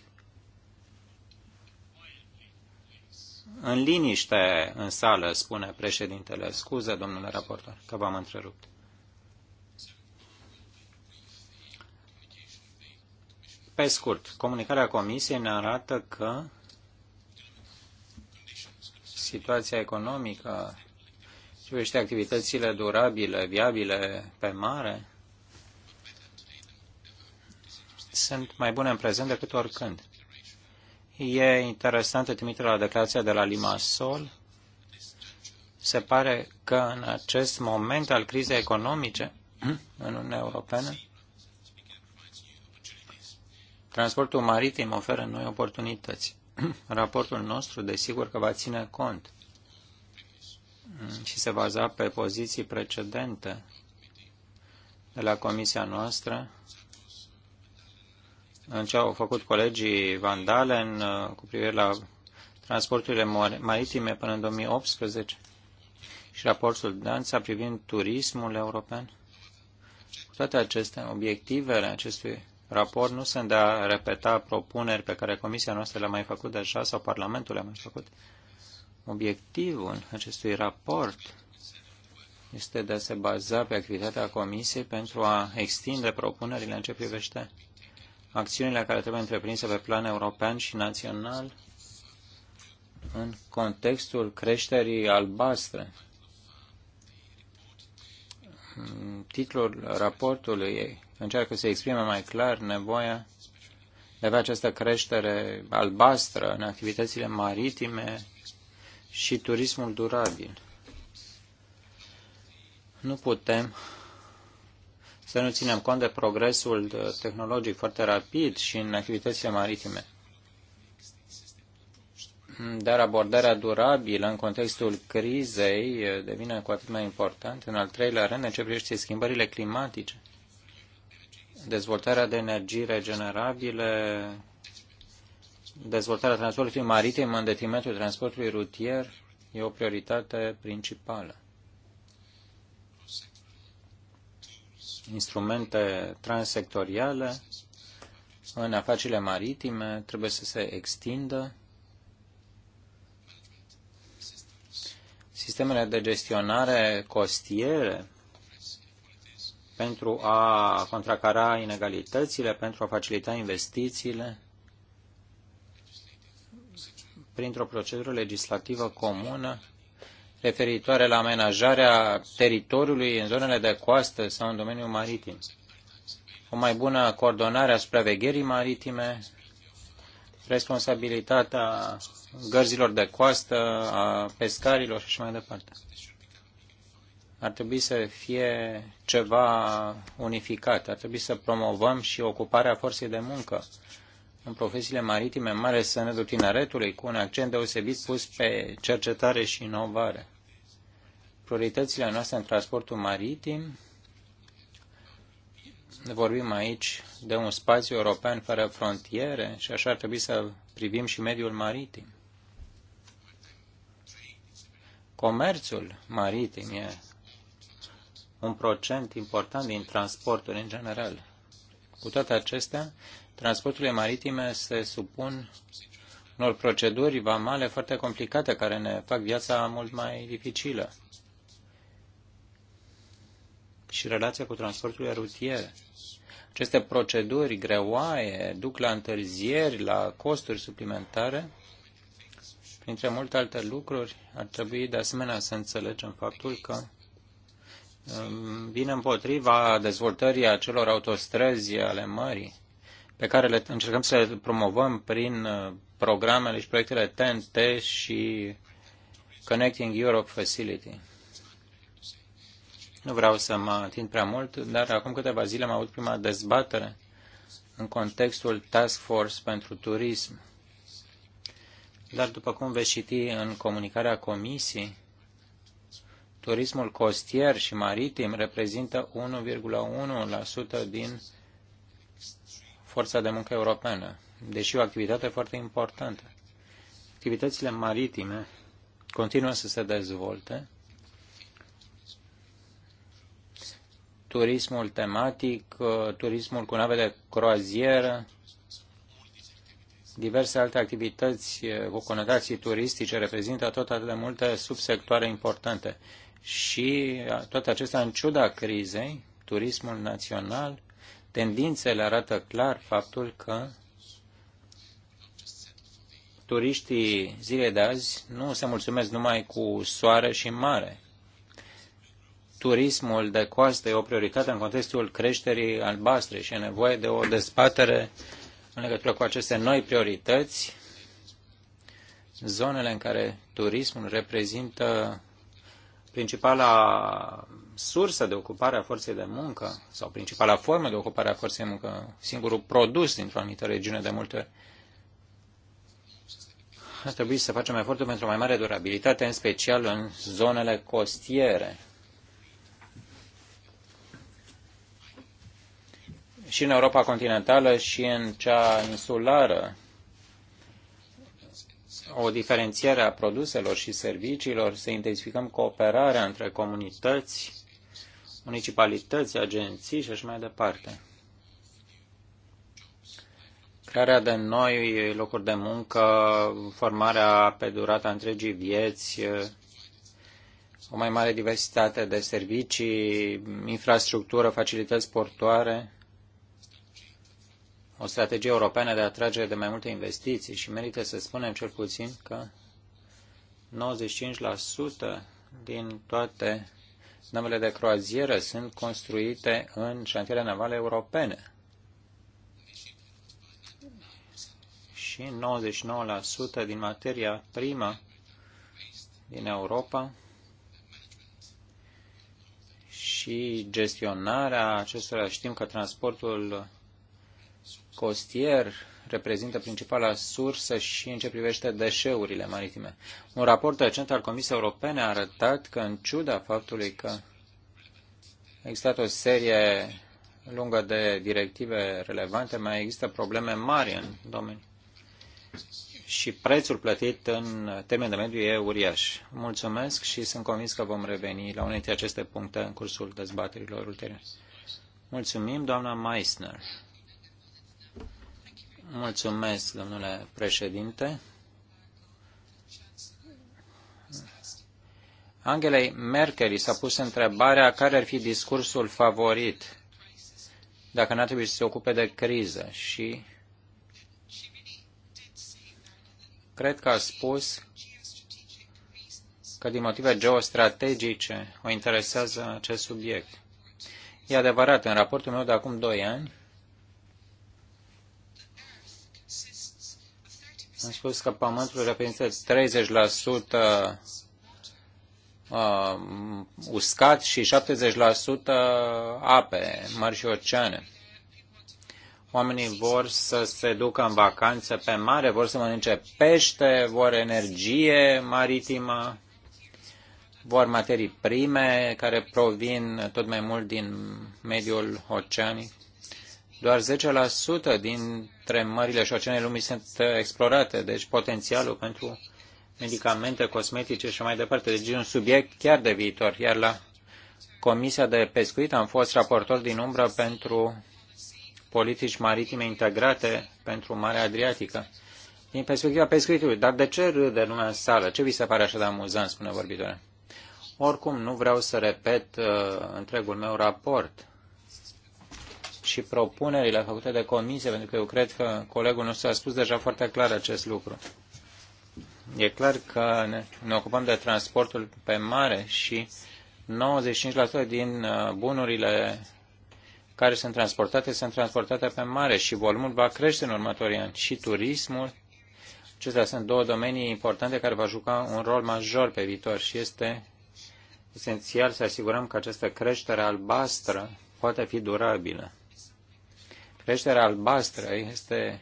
În liniște în sală, spune președintele. Scuze, domnule raportor, că v-am întrerupt. Pe scurt, comunicarea Comisiei ne arată că situația economică, ce privește activitățile durabile, viabile pe mare, sunt mai bune în prezent decât oricând. E interesantă trimiterea la declarația de la Limassol. Se pare că în acest moment al crizei economice în Uniunea Europeană, transportul maritim oferă noi oportunități. raportul nostru, desigur că va ține cont și se baza pe poziții precedente de la comisia noastră în ce au făcut colegii Vandalen uh, cu privire la transporturile maritime până în 2018 și raportul Danța privind turismul european. Cu toate acestea, obiectivele acestui raport nu sunt de a repeta propuneri pe care Comisia noastră le-a mai făcut deja sau Parlamentul le-a mai făcut. Obiectivul acestui raport este de a se baza pe activitatea Comisiei pentru a extinde propunerile în ce privește acțiunile care trebuie întreprinse pe plan european și național în contextul creșterii albastre. Titlul raportului încearcă să exprime mai clar nevoia de avea această creștere albastră în activitățile maritime și turismul durabil. Nu putem să nu ținem cont de progresul tehnologic foarte rapid și în activitățile maritime. Dar abordarea durabilă în contextul crizei devine cu atât mai important. În al treilea rând, în ce privește schimbările climatice dezvoltarea de energii regenerabile, dezvoltarea transportului maritim în detrimentul transportului rutier e o prioritate principală. Instrumente transsectoriale în afacerile maritime trebuie să se extindă. Sistemele de gestionare costiere pentru a contracara inegalitățile, pentru a facilita investițiile printr-o procedură legislativă comună referitoare la amenajarea teritoriului în zonele de coastă sau în domeniul maritim. O mai bună coordonare a supravegherii maritime, responsabilitatea gărzilor de coastă, a pescarilor și așa mai departe ar trebui să fie ceva unificat. Ar trebui să promovăm și ocuparea forței de muncă în profesiile maritime, mare ales în rândul tineretului, cu un accent deosebit pus pe cercetare și inovare. Prioritățile noastre în transportul maritim, vorbim aici de un spațiu european fără frontiere și așa ar trebui să privim și mediul maritim. Comerțul maritim e un procent important din transporturi în general. Cu toate acestea, transporturile maritime se supun unor proceduri vamale foarte complicate care ne fac viața mult mai dificilă și relația cu transporturile rutiere. Aceste proceduri greoaie duc la întârzieri, la costuri suplimentare. Printre multe alte lucruri, ar trebui de asemenea să înțelegem faptul că vin împotriva dezvoltării acelor autostrăzi ale mării pe care le încercăm să le promovăm prin uh, programele și proiectele TNT și Connecting Europe Facility. Nu vreau să mă atind prea mult, dar acum câteva zile am avut prima dezbatere în contextul Task Force pentru Turism. Dar după cum veți citi în comunicarea Comisiei, Turismul costier și maritim reprezintă 1,1% din forța de muncă europeană, deși o activitate foarte importantă. Activitățile maritime continuă să se dezvolte. Turismul tematic, turismul cu nave de croazieră, diverse alte activități cu conotații turistice reprezintă tot atât de multe subsectoare importante. Și uh, toate acestea, în ciuda crizei, turismul național, tendințele arată clar faptul că turiștii zilei de azi nu se mulțumesc numai cu soare și mare. Turismul de coastă e o prioritate în contextul creșterii albastre și e nevoie de o dezbatere în legătură cu aceste noi priorități zonele în care turismul reprezintă principala sursă de ocupare a forței de muncă sau principala formă de ocupare a forței de muncă, singurul produs dintr-o anumită regiune de multe ori, ar trebui să facem efortul pentru o mai mare durabilitate, în special în zonele costiere. Și în Europa continentală și în cea insulară, o diferențiere a produselor și serviciilor, să intensificăm cooperarea între comunități, municipalități, agenții și așa mai departe. Crearea de noi locuri de muncă, formarea pe durata întregii vieți, o mai mare diversitate de servicii, infrastructură, facilități portoare, o strategie europeană de atragere de mai multe investiții și merită să spunem cel puțin că 95% din toate navele de croazieră sunt construite în șantiere navale europene. Și 99% din materia primă din Europa și gestionarea acestora. Știm că transportul costier reprezintă principala sursă și în ce privește deșeurile maritime. Un raport recent al Comisiei Europene a arătat că, în ciuda faptului că a existat o serie lungă de directive relevante, mai există probleme mari în domeniu. Și prețul plătit în termen de mediu e uriaș. Mulțumesc și sunt convins că vom reveni la unele dintre aceste puncte în cursul dezbaterilor ulterioare. Mulțumim, doamna Meissner. Mulțumesc, domnule președinte. Angelei Merkel s-a pus întrebarea care ar fi discursul favorit dacă n-ar trebui să se ocupe de criză și cred că a spus că din motive geostrategice o interesează acest subiect. E adevărat, în raportul meu de acum doi ani Am spus că pământul reprezintă 30% uh, uscat și 70% ape, mari și oceane. Oamenii vor să se ducă în vacanță pe mare, vor să mănânce pește, vor energie maritimă, vor materii prime care provin tot mai mult din mediul oceanic. Doar 10% dintre mările și oceanele lumii sunt uh, explorate, deci potențialul pentru medicamente, cosmetice și mai departe. Deci e un subiect chiar de viitor. Iar la Comisia de Pescuit am fost raportor din umbră pentru politici maritime integrate pentru Marea Adriatică. Din perspectiva pescuitului, dar de ce râde lumea în sală? Ce vi se pare așa de amuzant, spune vorbitorul. Oricum, nu vreau să repet uh, întregul meu raport și propunerile făcute de comisie, pentru că eu cred că colegul nostru a spus deja foarte clar acest lucru. E clar că ne, ne ocupăm de transportul pe mare și 95% din uh, bunurile care sunt transportate sunt transportate pe mare și volumul va crește în următorii ani și turismul. Acestea sunt două domenii importante care va juca un rol major pe viitor și este esențial să asigurăm că această creștere albastră poate fi durabilă. Creșterea albastră este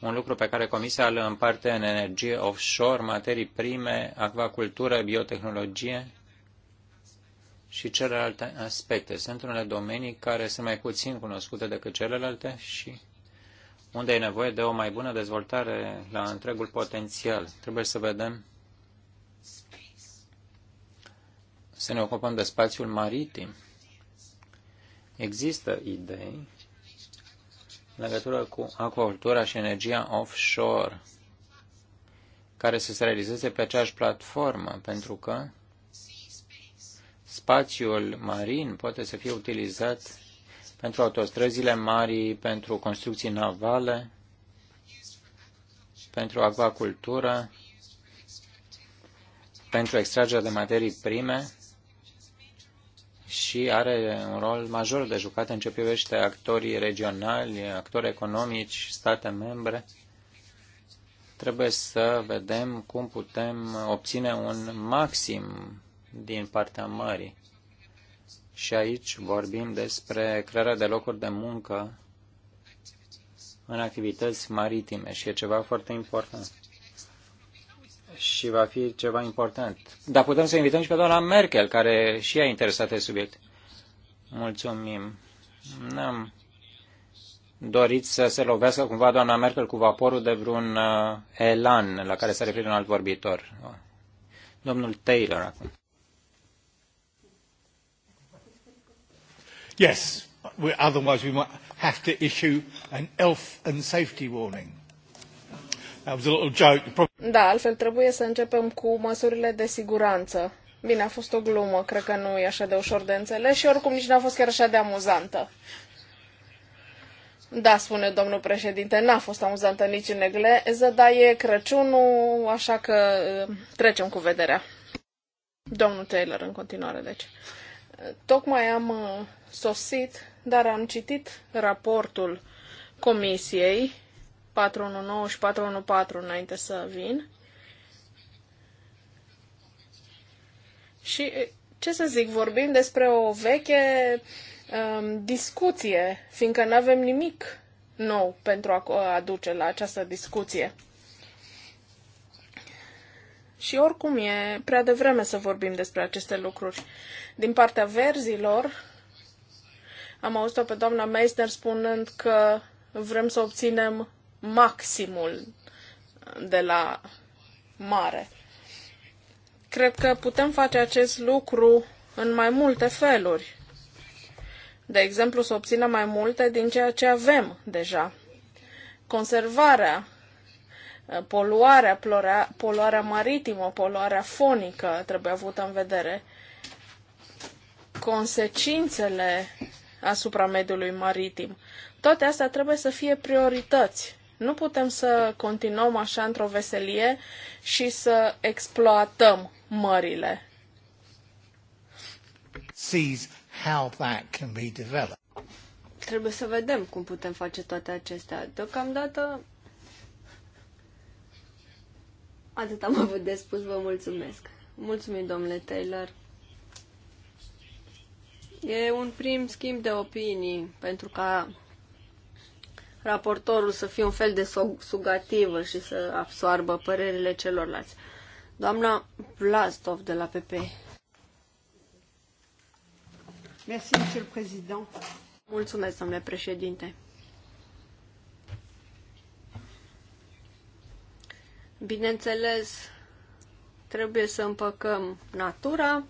un lucru pe care Comisia îl împarte în energie offshore, materii prime, acvacultură, biotehnologie și celelalte aspecte. Sunt unele domenii care sunt mai puțin cunoscute decât celelalte și unde e nevoie de o mai bună dezvoltare la întregul potențial. Trebuie să vedem, să ne ocupăm de spațiul maritim. Există idei în legătură cu acuacultura și energia offshore care să se realizeze pe aceeași platformă, pentru că spațiul marin poate să fie utilizat pentru autostrăzile mari, pentru construcții navale, pentru acvacultură, pentru extragerea de materii prime și are un rol major de jucat în ce privește actorii regionali, actori economici, state membre. Trebuie să vedem cum putem obține un maxim din partea mării. Și aici vorbim despre crearea de locuri de muncă în activități maritime și e ceva foarte important și va fi ceva important. Dar putem să invităm și pe doamna Merkel, care și ea e interesată de subiect. Mulțumim. N-am dorit să se lovească cumva doamna Merkel cu vaporul de vreun uh, elan la care s-a referit un alt vorbitor. Domnul Taylor acum. Yes, otherwise we might have to issue an elf and safety warning. Da, altfel trebuie să începem cu măsurile de siguranță. Bine, a fost o glumă, cred că nu e așa de ușor de înțeles și oricum nici n-a fost chiar așa de amuzantă. Da, spune domnul președinte, n-a fost amuzantă nici în egleză, dar e Crăciunul, așa că uh, trecem cu vederea. Domnul Taylor, în continuare, deci. Tocmai am uh, sosit, dar am citit raportul comisiei 419 și 414 înainte să vin. Și ce să zic, vorbim despre o veche um, discuție, fiindcă nu avem nimic nou pentru a aduce la această discuție. Și oricum e prea devreme să vorbim despre aceste lucruri. Din partea verzilor, am auzit-o pe doamna Meisner spunând că vrem să obținem maximul de la mare. Cred că putem face acest lucru în mai multe feluri. De exemplu, să obținem mai multe din ceea ce avem deja. Conservarea, eh, poluarea, poluarea, poluarea maritimă, poluarea fonică trebuie avută în vedere. Consecințele asupra mediului maritim. Toate astea trebuie să fie priorități nu putem să continuăm așa într-o veselie și să exploatăm mările. Sees how that can be developed. Trebuie să vedem cum putem face toate acestea. Deocamdată atât am avut de spus, vă mulțumesc. Mulțumim, domnule Taylor. E un prim schimb de opinii pentru ca raportorul să fie un fel de sugativă și să absoarbă părerile celorlalți. Doamna Vlastov de la PP. Merci, monsieur le président. Mulțumesc, domnule președinte. Bineînțeles, trebuie să împăcăm natura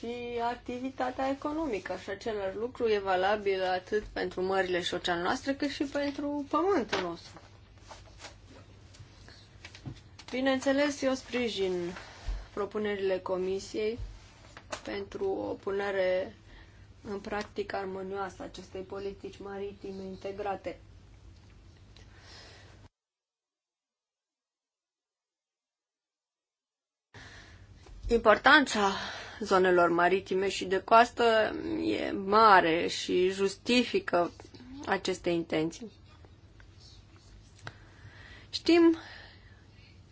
și activitatea economică. Și același lucru e valabil atât pentru mările și oceanul noastre, cât și pentru pământul nostru. Bineînțeles, eu sprijin propunerile comisiei pentru o punere în practică armonioasă acestei politici maritime integrate. Importanța zonelor maritime și de coastă e mare și justifică aceste intenții. Știm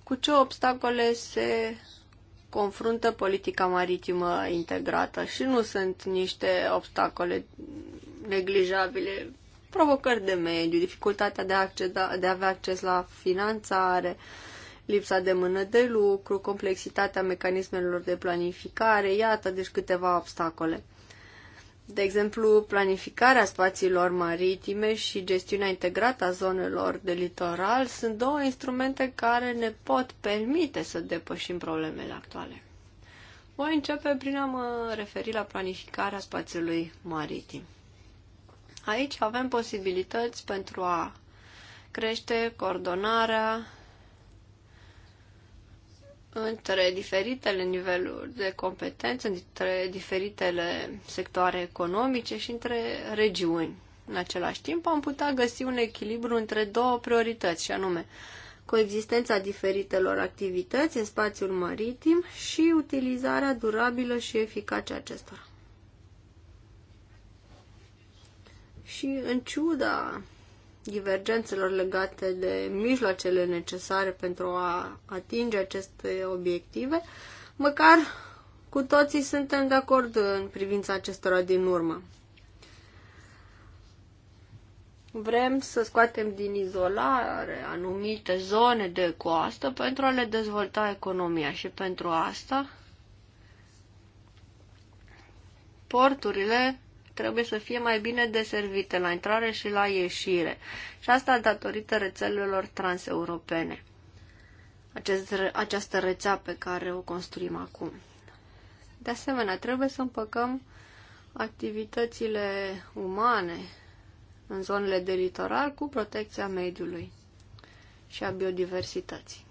cu ce obstacole se confruntă politica maritimă integrată și nu sunt niște obstacole neglijabile, provocări de mediu, dificultatea de a, acceda, de a avea acces la finanțare, uh, lipsa de mână de lucru, complexitatea mecanismelor de planificare, iată, deci câteva obstacole. De exemplu, planificarea spațiilor maritime și gestiunea integrată a zonelor de litoral sunt două instrumente care ne pot permite să depășim problemele actuale. Voi începe prin a mă referi la planificarea spațiului maritim. Aici avem posibilități pentru a crește coordonarea, între diferitele niveluri de competență, între diferitele sectoare economice și între regiuni. În același timp, am putea găsi un echilibru între două priorități, și anume coexistența diferitelor activități în spațiul maritim și utilizarea durabilă și eficace a acestora. Și în ciuda divergențelor legate de mijloacele necesare pentru a atinge aceste obiective, măcar cu toții suntem de acord în privința acestora din urmă. Vrem să scoatem din izolare anumite zone de coastă pentru a le dezvolta economia și pentru asta porturile trebuie să fie mai bine deservite la intrare și la ieșire, și asta datorită rețelelor transeuropene. Acest, această rețea pe care o construim acum. De asemenea, trebuie să împăcăm activitățile umane în zonele de litoral cu protecția mediului și a biodiversității.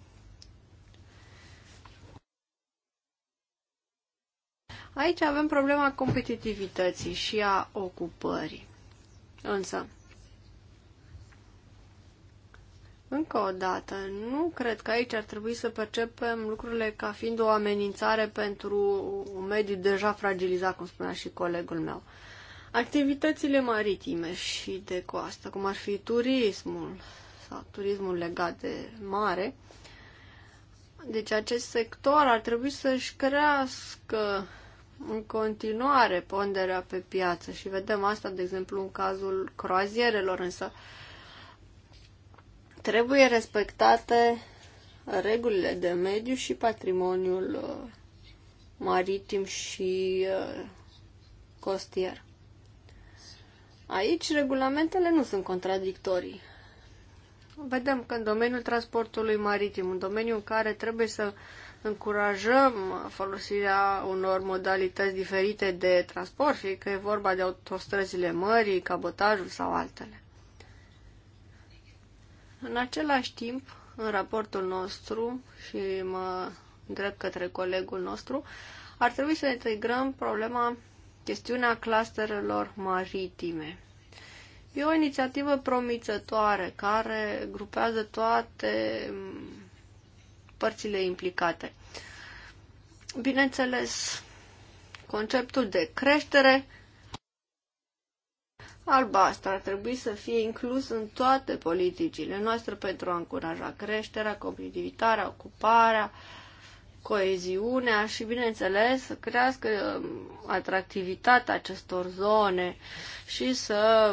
Aici avem problema competitivității și a ocupării. Însă, încă o dată, nu cred că aici ar trebui să percepem lucrurile ca fiind o amenințare pentru un mediu deja fragilizat, cum spunea și colegul meu. Activitățile maritime și de coastă, cum ar fi turismul sau turismul legat de mare, deci acest sector ar trebui să-și crească în continuare ponderea pe piață și vedem asta, de exemplu, în cazul croazierelor, însă trebuie respectate regulile de mediu și patrimoniul uh, maritim și uh, costier. Aici regulamentele nu sunt contradictorii. Vedem că în domeniul transportului maritim, un domeniu în care trebuie să uh, încurajăm folosirea unor modalități diferite de transport, fie că e vorba de autostrăzile mării, cabotajul sau altele. În același timp, în raportul nostru și mă îndrept către colegul nostru, ar trebui să integrăm problema, chestiunea clusterelor maritime. E o inițiativă promițătoare care grupează toate părțile implicate. Bineînțeles, conceptul de creștere albastră ar trebui să fie inclus în toate politicile noastre pentru a încuraja creșterea, competitivitatea, ocuparea, coeziunea și, bineînțeles, să crească um, atractivitatea acestor zone și să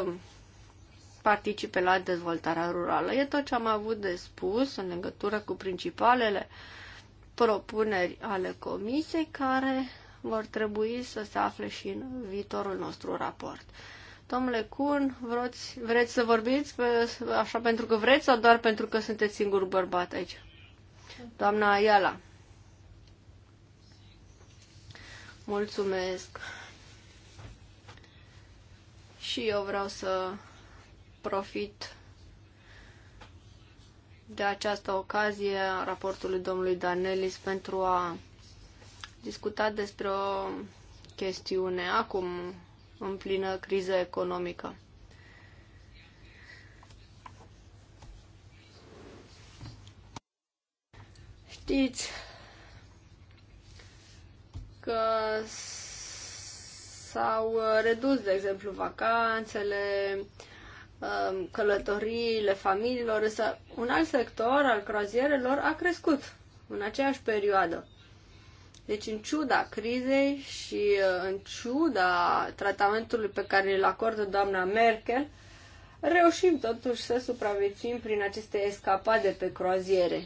participe la dezvoltarea rurală. E tot ce am avut de spus în legătură cu principalele propuneri ale comisiei care vor trebui să se afle și în viitorul nostru raport. Domnule Cun, vreți, vreți să vorbiți pe, așa pentru că vreți sau doar pentru că sunteți singur bărbat aici? Doamna Ayala. Mulțumesc. Și eu vreau să profit de această ocazie a raportului domnului Danelis pentru a discuta despre o chestiune acum în plină criză economică. Știți că s-au redus, de exemplu, vacanțele, Um, călătoriile familiilor, însă un alt sector al croazierelor a crescut în aceeași perioadă. Deci, în ciuda crizei și uh, în ciuda tratamentului pe care îl acordă doamna Merkel, reușim totuși să supraviețuim prin aceste escapade pe croaziere.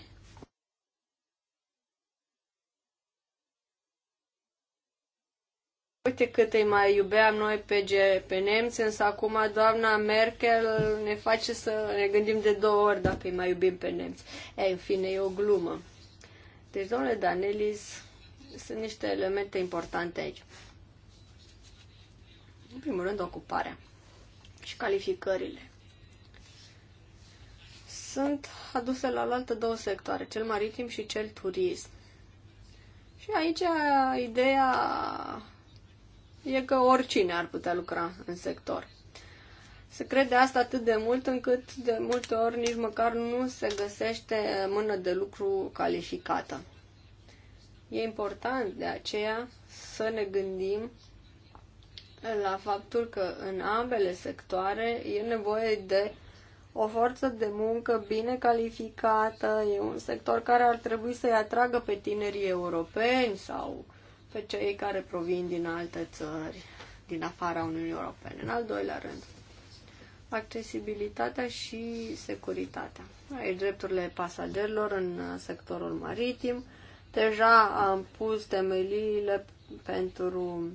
Uite cât îi mai iubeam noi pe, G- pe nemți, însă acum doamna Merkel ne face să ne gândim de două ori dacă îi mai iubim pe nemți. E în fine, e o glumă. Deci, domnule Danelis, sunt niște elemente importante aici. În primul rând, ocuparea și calificările. Sunt aduse la altă două sectoare, cel maritim și cel turism. Și aici ideea e că oricine ar putea lucra în sector. Se crede asta atât de mult încât de multe ori nici măcar nu se găsește mână de lucru calificată. E important de aceea să ne gândim la faptul că în ambele sectoare e nevoie de o forță de muncă bine calificată, e un sector care ar trebui să-i atragă pe tinerii europeni sau uh, pe cei care provin din alte țări, din afara Uniunii Europene. În al doilea rând, accesibilitatea și securitatea. Aici drepturile pasagerilor în sectorul maritim. Deja am pus temeliile pentru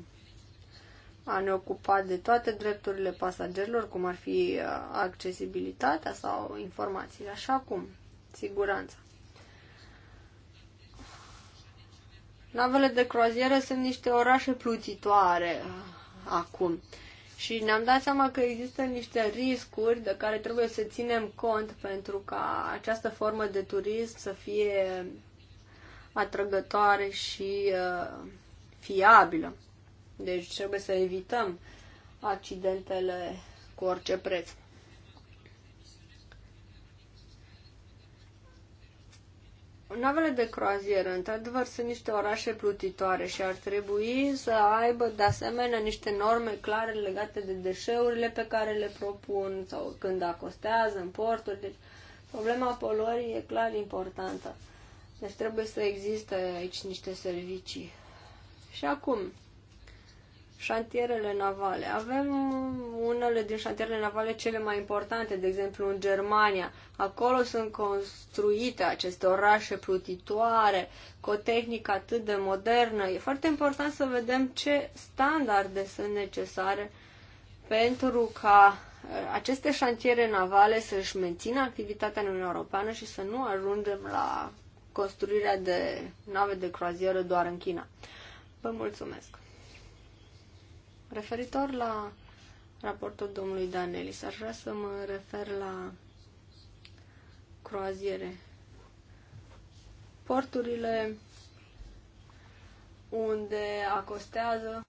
a ne ocupa de toate drepturile pasagerilor, cum ar fi accesibilitatea sau informațiile. Așa cum, siguranța. Navele de croazieră sunt niște orașe plutitoare ah, acum. Și ne-am dat seama că există niște riscuri de care trebuie să ținem cont pentru ca această formă de turism să fie atrăgătoare și uh, fiabilă. Deci trebuie să evităm accidentele cu orice preț. Navele de croazieră, într-adevăr, sunt niște orașe plutitoare și ar trebui să aibă, de asemenea, niște norme clare legate de deșeurile pe care le propun sau când acostează în porturi. Deci, problema poluării e clar importantă. Deci trebuie să existe aici niște servicii. Și acum, șantierele navale. Avem unele din șantierele navale cele mai importante, de exemplu în Germania. Acolo sunt construite aceste orașe plutitoare, cu o tehnică atât de modernă. E foarte important să vedem ce standarde sunt necesare pentru ca uh, aceste șantiere navale să-și mențină activitatea în Uniunea Europeană și să nu ajungem la construirea de nave de croazieră doar în China. Vă mulțumesc! Referitor la raportul domnului Danelis, aș vrea să mă refer la croaziere. Porturile unde acostează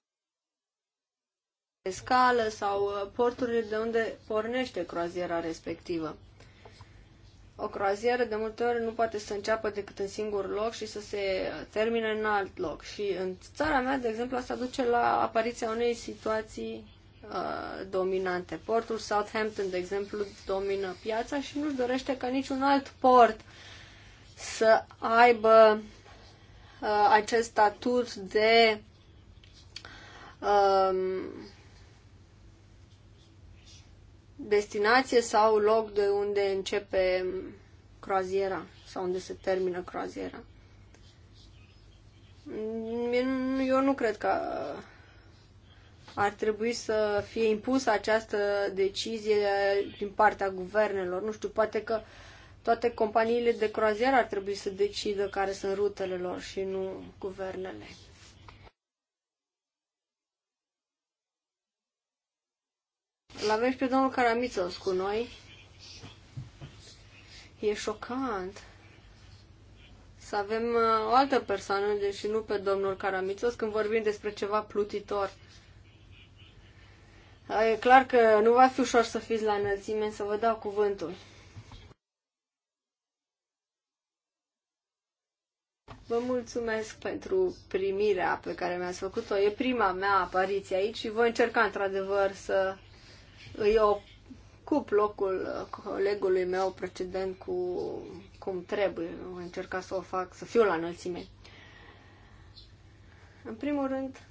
pe scală sau uh, porturile de unde pornește croaziera respectivă. O croazieră de multe ori nu poate să înceapă decât în singur loc și să se termine în alt loc. Și în țara mea, de exemplu, asta duce la apariția unei situații uh, dominante. Portul Southampton, de exemplu, domină piața și nu-și dorește ca niciun alt port să aibă uh, acest statut de uh, destinație sau loc de unde începe croaziera sau unde se termină croaziera. Eu nu cred că ar trebui să fie impusă această decizie din partea guvernelor. Nu știu, poate că toate companiile de croazieră ar trebui să decidă care sunt rutele lor și nu guvernele. L-avem și pe domnul Caramitos cu noi. E șocant să avem uh, o altă persoană, deși nu pe domnul Caramitos, când vorbim despre ceva plutitor. E clar că nu va fi ușor să fiți la înălțime, să vă dau cuvântul. Vă mulțumesc pentru primirea pe care mi-ați făcut-o. E prima mea apariție aici și voi încerca într-adevăr să eu ocup locul uh, colegului meu precedent cu cum trebuie. Am încercat să o fac, să fiu la înălțime. În primul rând,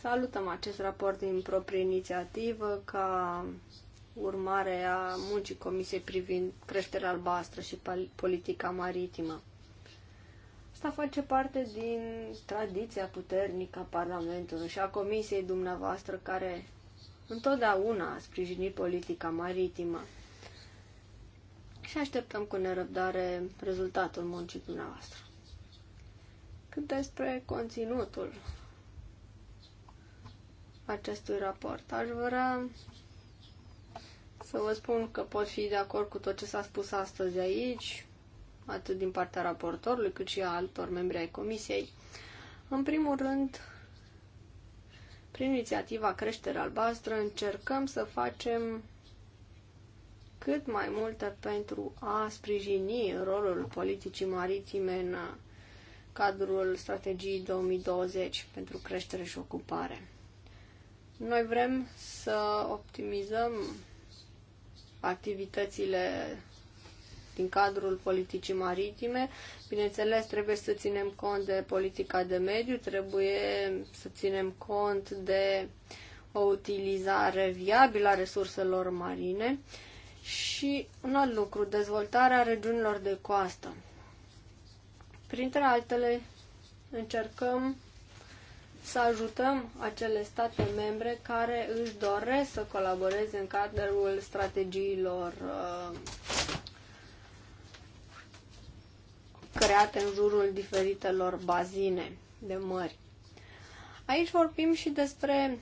salutăm acest raport din proprie inițiativă ca urmare a muncii Comisiei privind creșterea albastră și politica maritimă. Asta face parte din tradiția puternică a Parlamentului și a Comisiei dumneavoastră care întotdeauna a sprijinit politica maritimă. Și așteptăm cu nerăbdare rezultatul muncii dumneavoastră. Cât despre conținutul acestui raport, aș vrea să vă spun că pot fi de acord cu tot ce s-a spus astăzi aici, atât din partea raportorului, cât și a altor membri ai comisiei. În primul rând, prin inițiativa Creștere Albastră încercăm să facem cât mai multe pentru a sprijini rolul politicii maritime în cadrul strategiei 2020 pentru creștere și ocupare. Noi vrem să optimizăm activitățile din cadrul politicii maritime. Bineînțeles, trebuie să ținem cont de politica de mediu, trebuie să ținem cont de o utilizare viabilă a resurselor marine și un alt lucru, dezvoltarea regiunilor de coastă. Printre altele, încercăm să ajutăm acele state membre care își doresc să colaboreze în cadrul strategiilor uh, create în jurul diferitelor bazine de mări. Aici vorbim și despre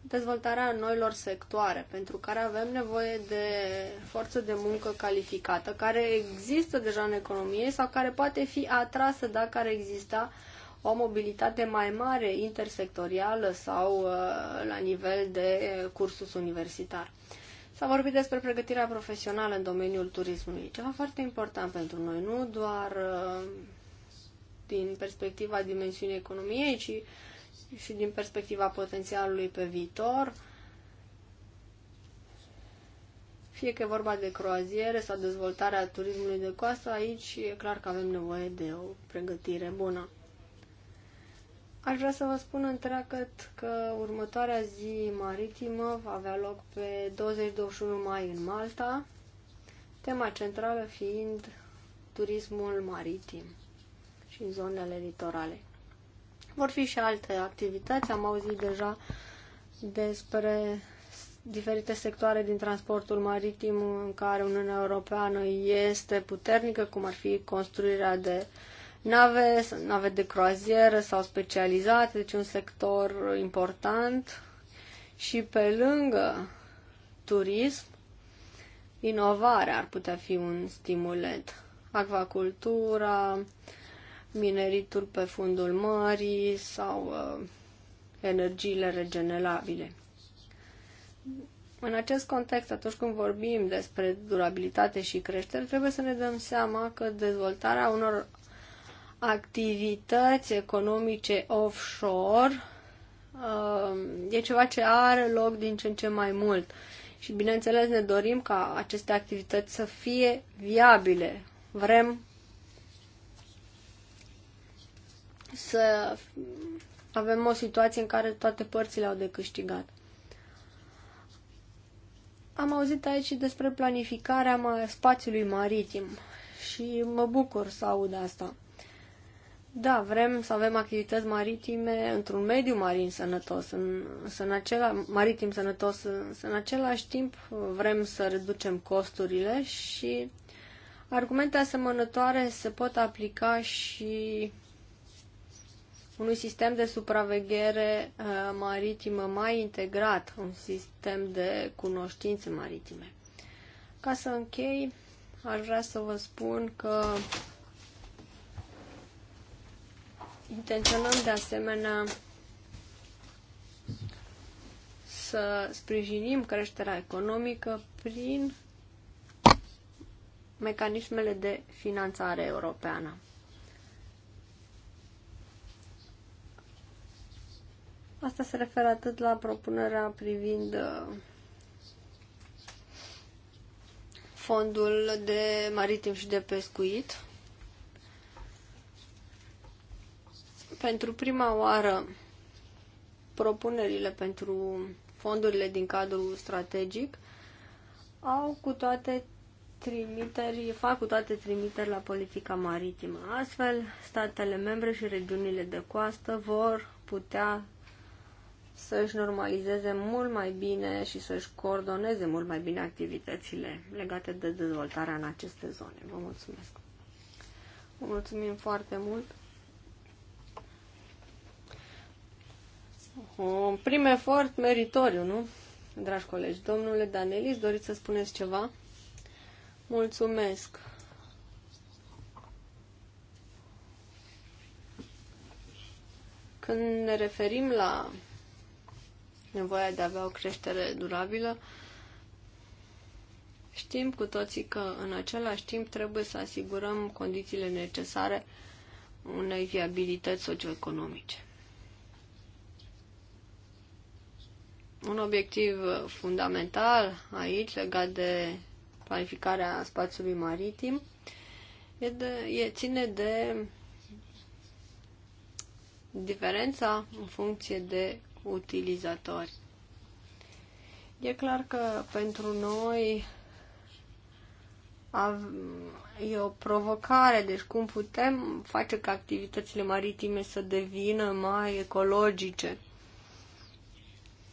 dezvoltarea noilor sectoare, pentru care avem nevoie de forță de muncă calificată, care există deja în economie sau care poate fi atrasă dacă ar exista o mobilitate mai mare intersectorială sau uh, la nivel de uh, cursus universitar. S-a vorbit despre pregătirea profesională în domeniul turismului, ceva foarte important pentru noi, nu doar uh, din perspectiva dimensiunii economiei, ci și din perspectiva potențialului pe viitor. Fie că e vorba de croaziere sau dezvoltarea turismului de coastă, aici e clar că avem nevoie de o pregătire bună. Aș vrea să vă spun întreagăt că următoarea zi maritimă va avea loc pe 20-21 mai în Malta, tema centrală fiind turismul maritim și în zonele litorale. Vor fi și alte activități, am auzit deja despre diferite sectoare din transportul maritim în care Uniunea Europeană este puternică, cum ar fi construirea de uh, Nave, nave de croazieră sau specializate, deci un sector important și pe lângă turism, inovarea ar putea fi un stimulent. Acvacultura, mineritul pe fundul mării sau uh, energiile regenerabile. În acest context, atunci când vorbim despre durabilitate și creștere, trebuie să ne dăm seama că dezvoltarea unor activități economice offshore um, e ceva ce are loc din ce în ce mai mult. Și bineînțeles ne dorim ca aceste activități să fie viabile. Vrem să avem o situație în care toate părțile au de câștigat. Am auzit aici și despre planificarea spațiului maritim și mă bucur să aud asta. Da, vrem să avem activități maritime într-un mediu marin sănătos, în, în acela, maritim sănătos, însă în același timp vrem să reducem costurile și argumente asemănătoare se pot aplica și unui sistem de supraveghere uh, maritimă mai integrat, un sistem de cunoștințe maritime. Ca să închei, aș vrea să vă spun că Intenționăm de asemenea să sprijinim creșterea economică prin mecanismele de finanțare europeană. Asta se referă atât la propunerea privind uh, fondul de maritim și de pescuit, pentru prima oară propunerile pentru fondurile din cadrul strategic au cu toate trimiteri, fac cu toate trimiteri la politica maritimă. Astfel, statele membre și regiunile de coastă vor putea să-și normalizeze mult mai bine și să-și coordoneze mult mai bine activitățile legate de dezvoltarea în aceste zone. Vă mulțumesc! Vă mulțumim foarte mult! Un prim efort meritoriu, nu? Dragi colegi, domnule Danelis, doriți să spuneți ceva? Mulțumesc! Când ne referim la nevoia de a avea o creștere durabilă, știm cu toții că în același timp trebuie să asigurăm condițiile necesare unei viabilități socioeconomice. Un obiectiv uh, fundamental aici legat de planificarea spațiului maritim e, de, e ține de diferența în funcție de utilizatori. E clar că pentru noi e o provocare, deci cum putem face ca activitățile maritime să devină mai ecologice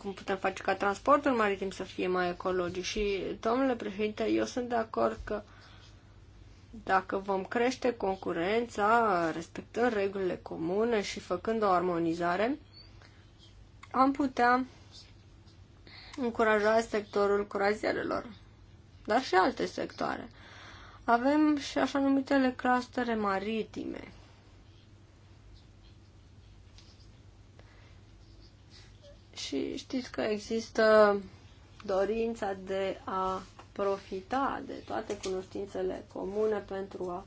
cum putem face ca transportul maritim să fie mai ecologic. Și, domnule președinte, eu sunt de acord că dacă vom crește concurența, respectând regulile comune și făcând o armonizare, am putea încuraja sectorul croazierelor, dar și alte sectoare. Avem și așa numitele clustere maritime, Și știți că există dorința de a profita de toate cunoștințele comune pentru a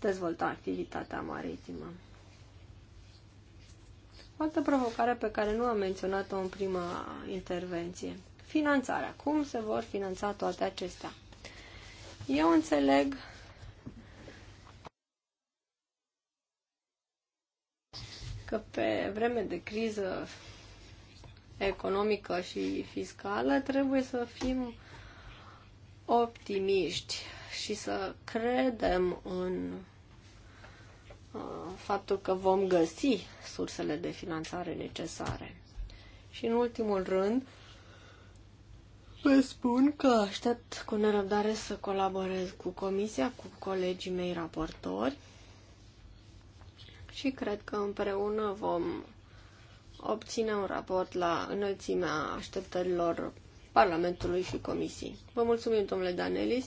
dezvolta activitatea maritimă. O altă provocare pe care nu am menționat-o în prima intervenție. Finanțarea. Cum se vor finanța toate acestea? Eu înțeleg că pe vreme de criză economică și fiscală, trebuie să fim optimiști și să credem în uh, faptul că vom găsi sursele de finanțare necesare. Și în ultimul rând, vă spun că aștept cu nerăbdare să colaborez cu comisia, cu colegii mei raportori și cred că împreună vom obține un raport la înălțimea așteptărilor Parlamentului și Comisiei. Vă mulțumim, domnule Danelis.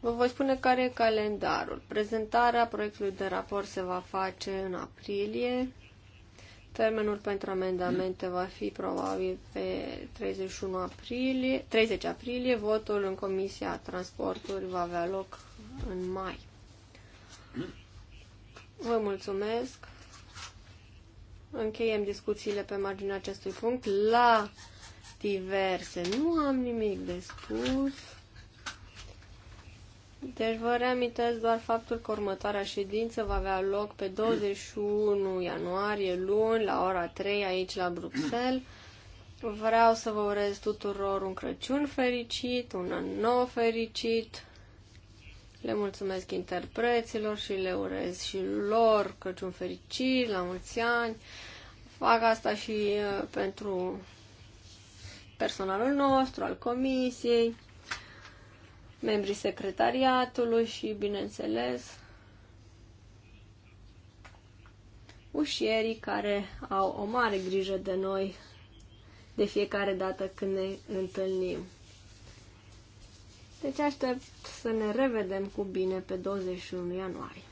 Vă voi spune care e calendarul. Prezentarea proiectului de raport se va face în aprilie. Termenul pentru amendamente va fi probabil pe 31 aprilie, 30 aprilie. Votul în Comisia Transporturi va avea loc în mai. Vă mulțumesc încheiem discuțiile pe marginea acestui punct la diverse. Nu am nimic de spus. Deci vă reamintesc doar faptul că următoarea ședință va avea loc pe 21 ianuarie, luni, la ora 3, aici la Bruxelles. Vreau să vă urez tuturor un Crăciun fericit, un an nou fericit, le mulțumesc interpreților și le urez și lor Crăciun fericit, la mulți ani. Fac asta și uh, pentru personalul nostru, al comisiei, membrii secretariatului și, bineînțeles, ușierii care au o mare grijă de noi de fiecare dată când ne întâlnim. Deci aștept să ne revedem cu bine pe 21 ianuarie.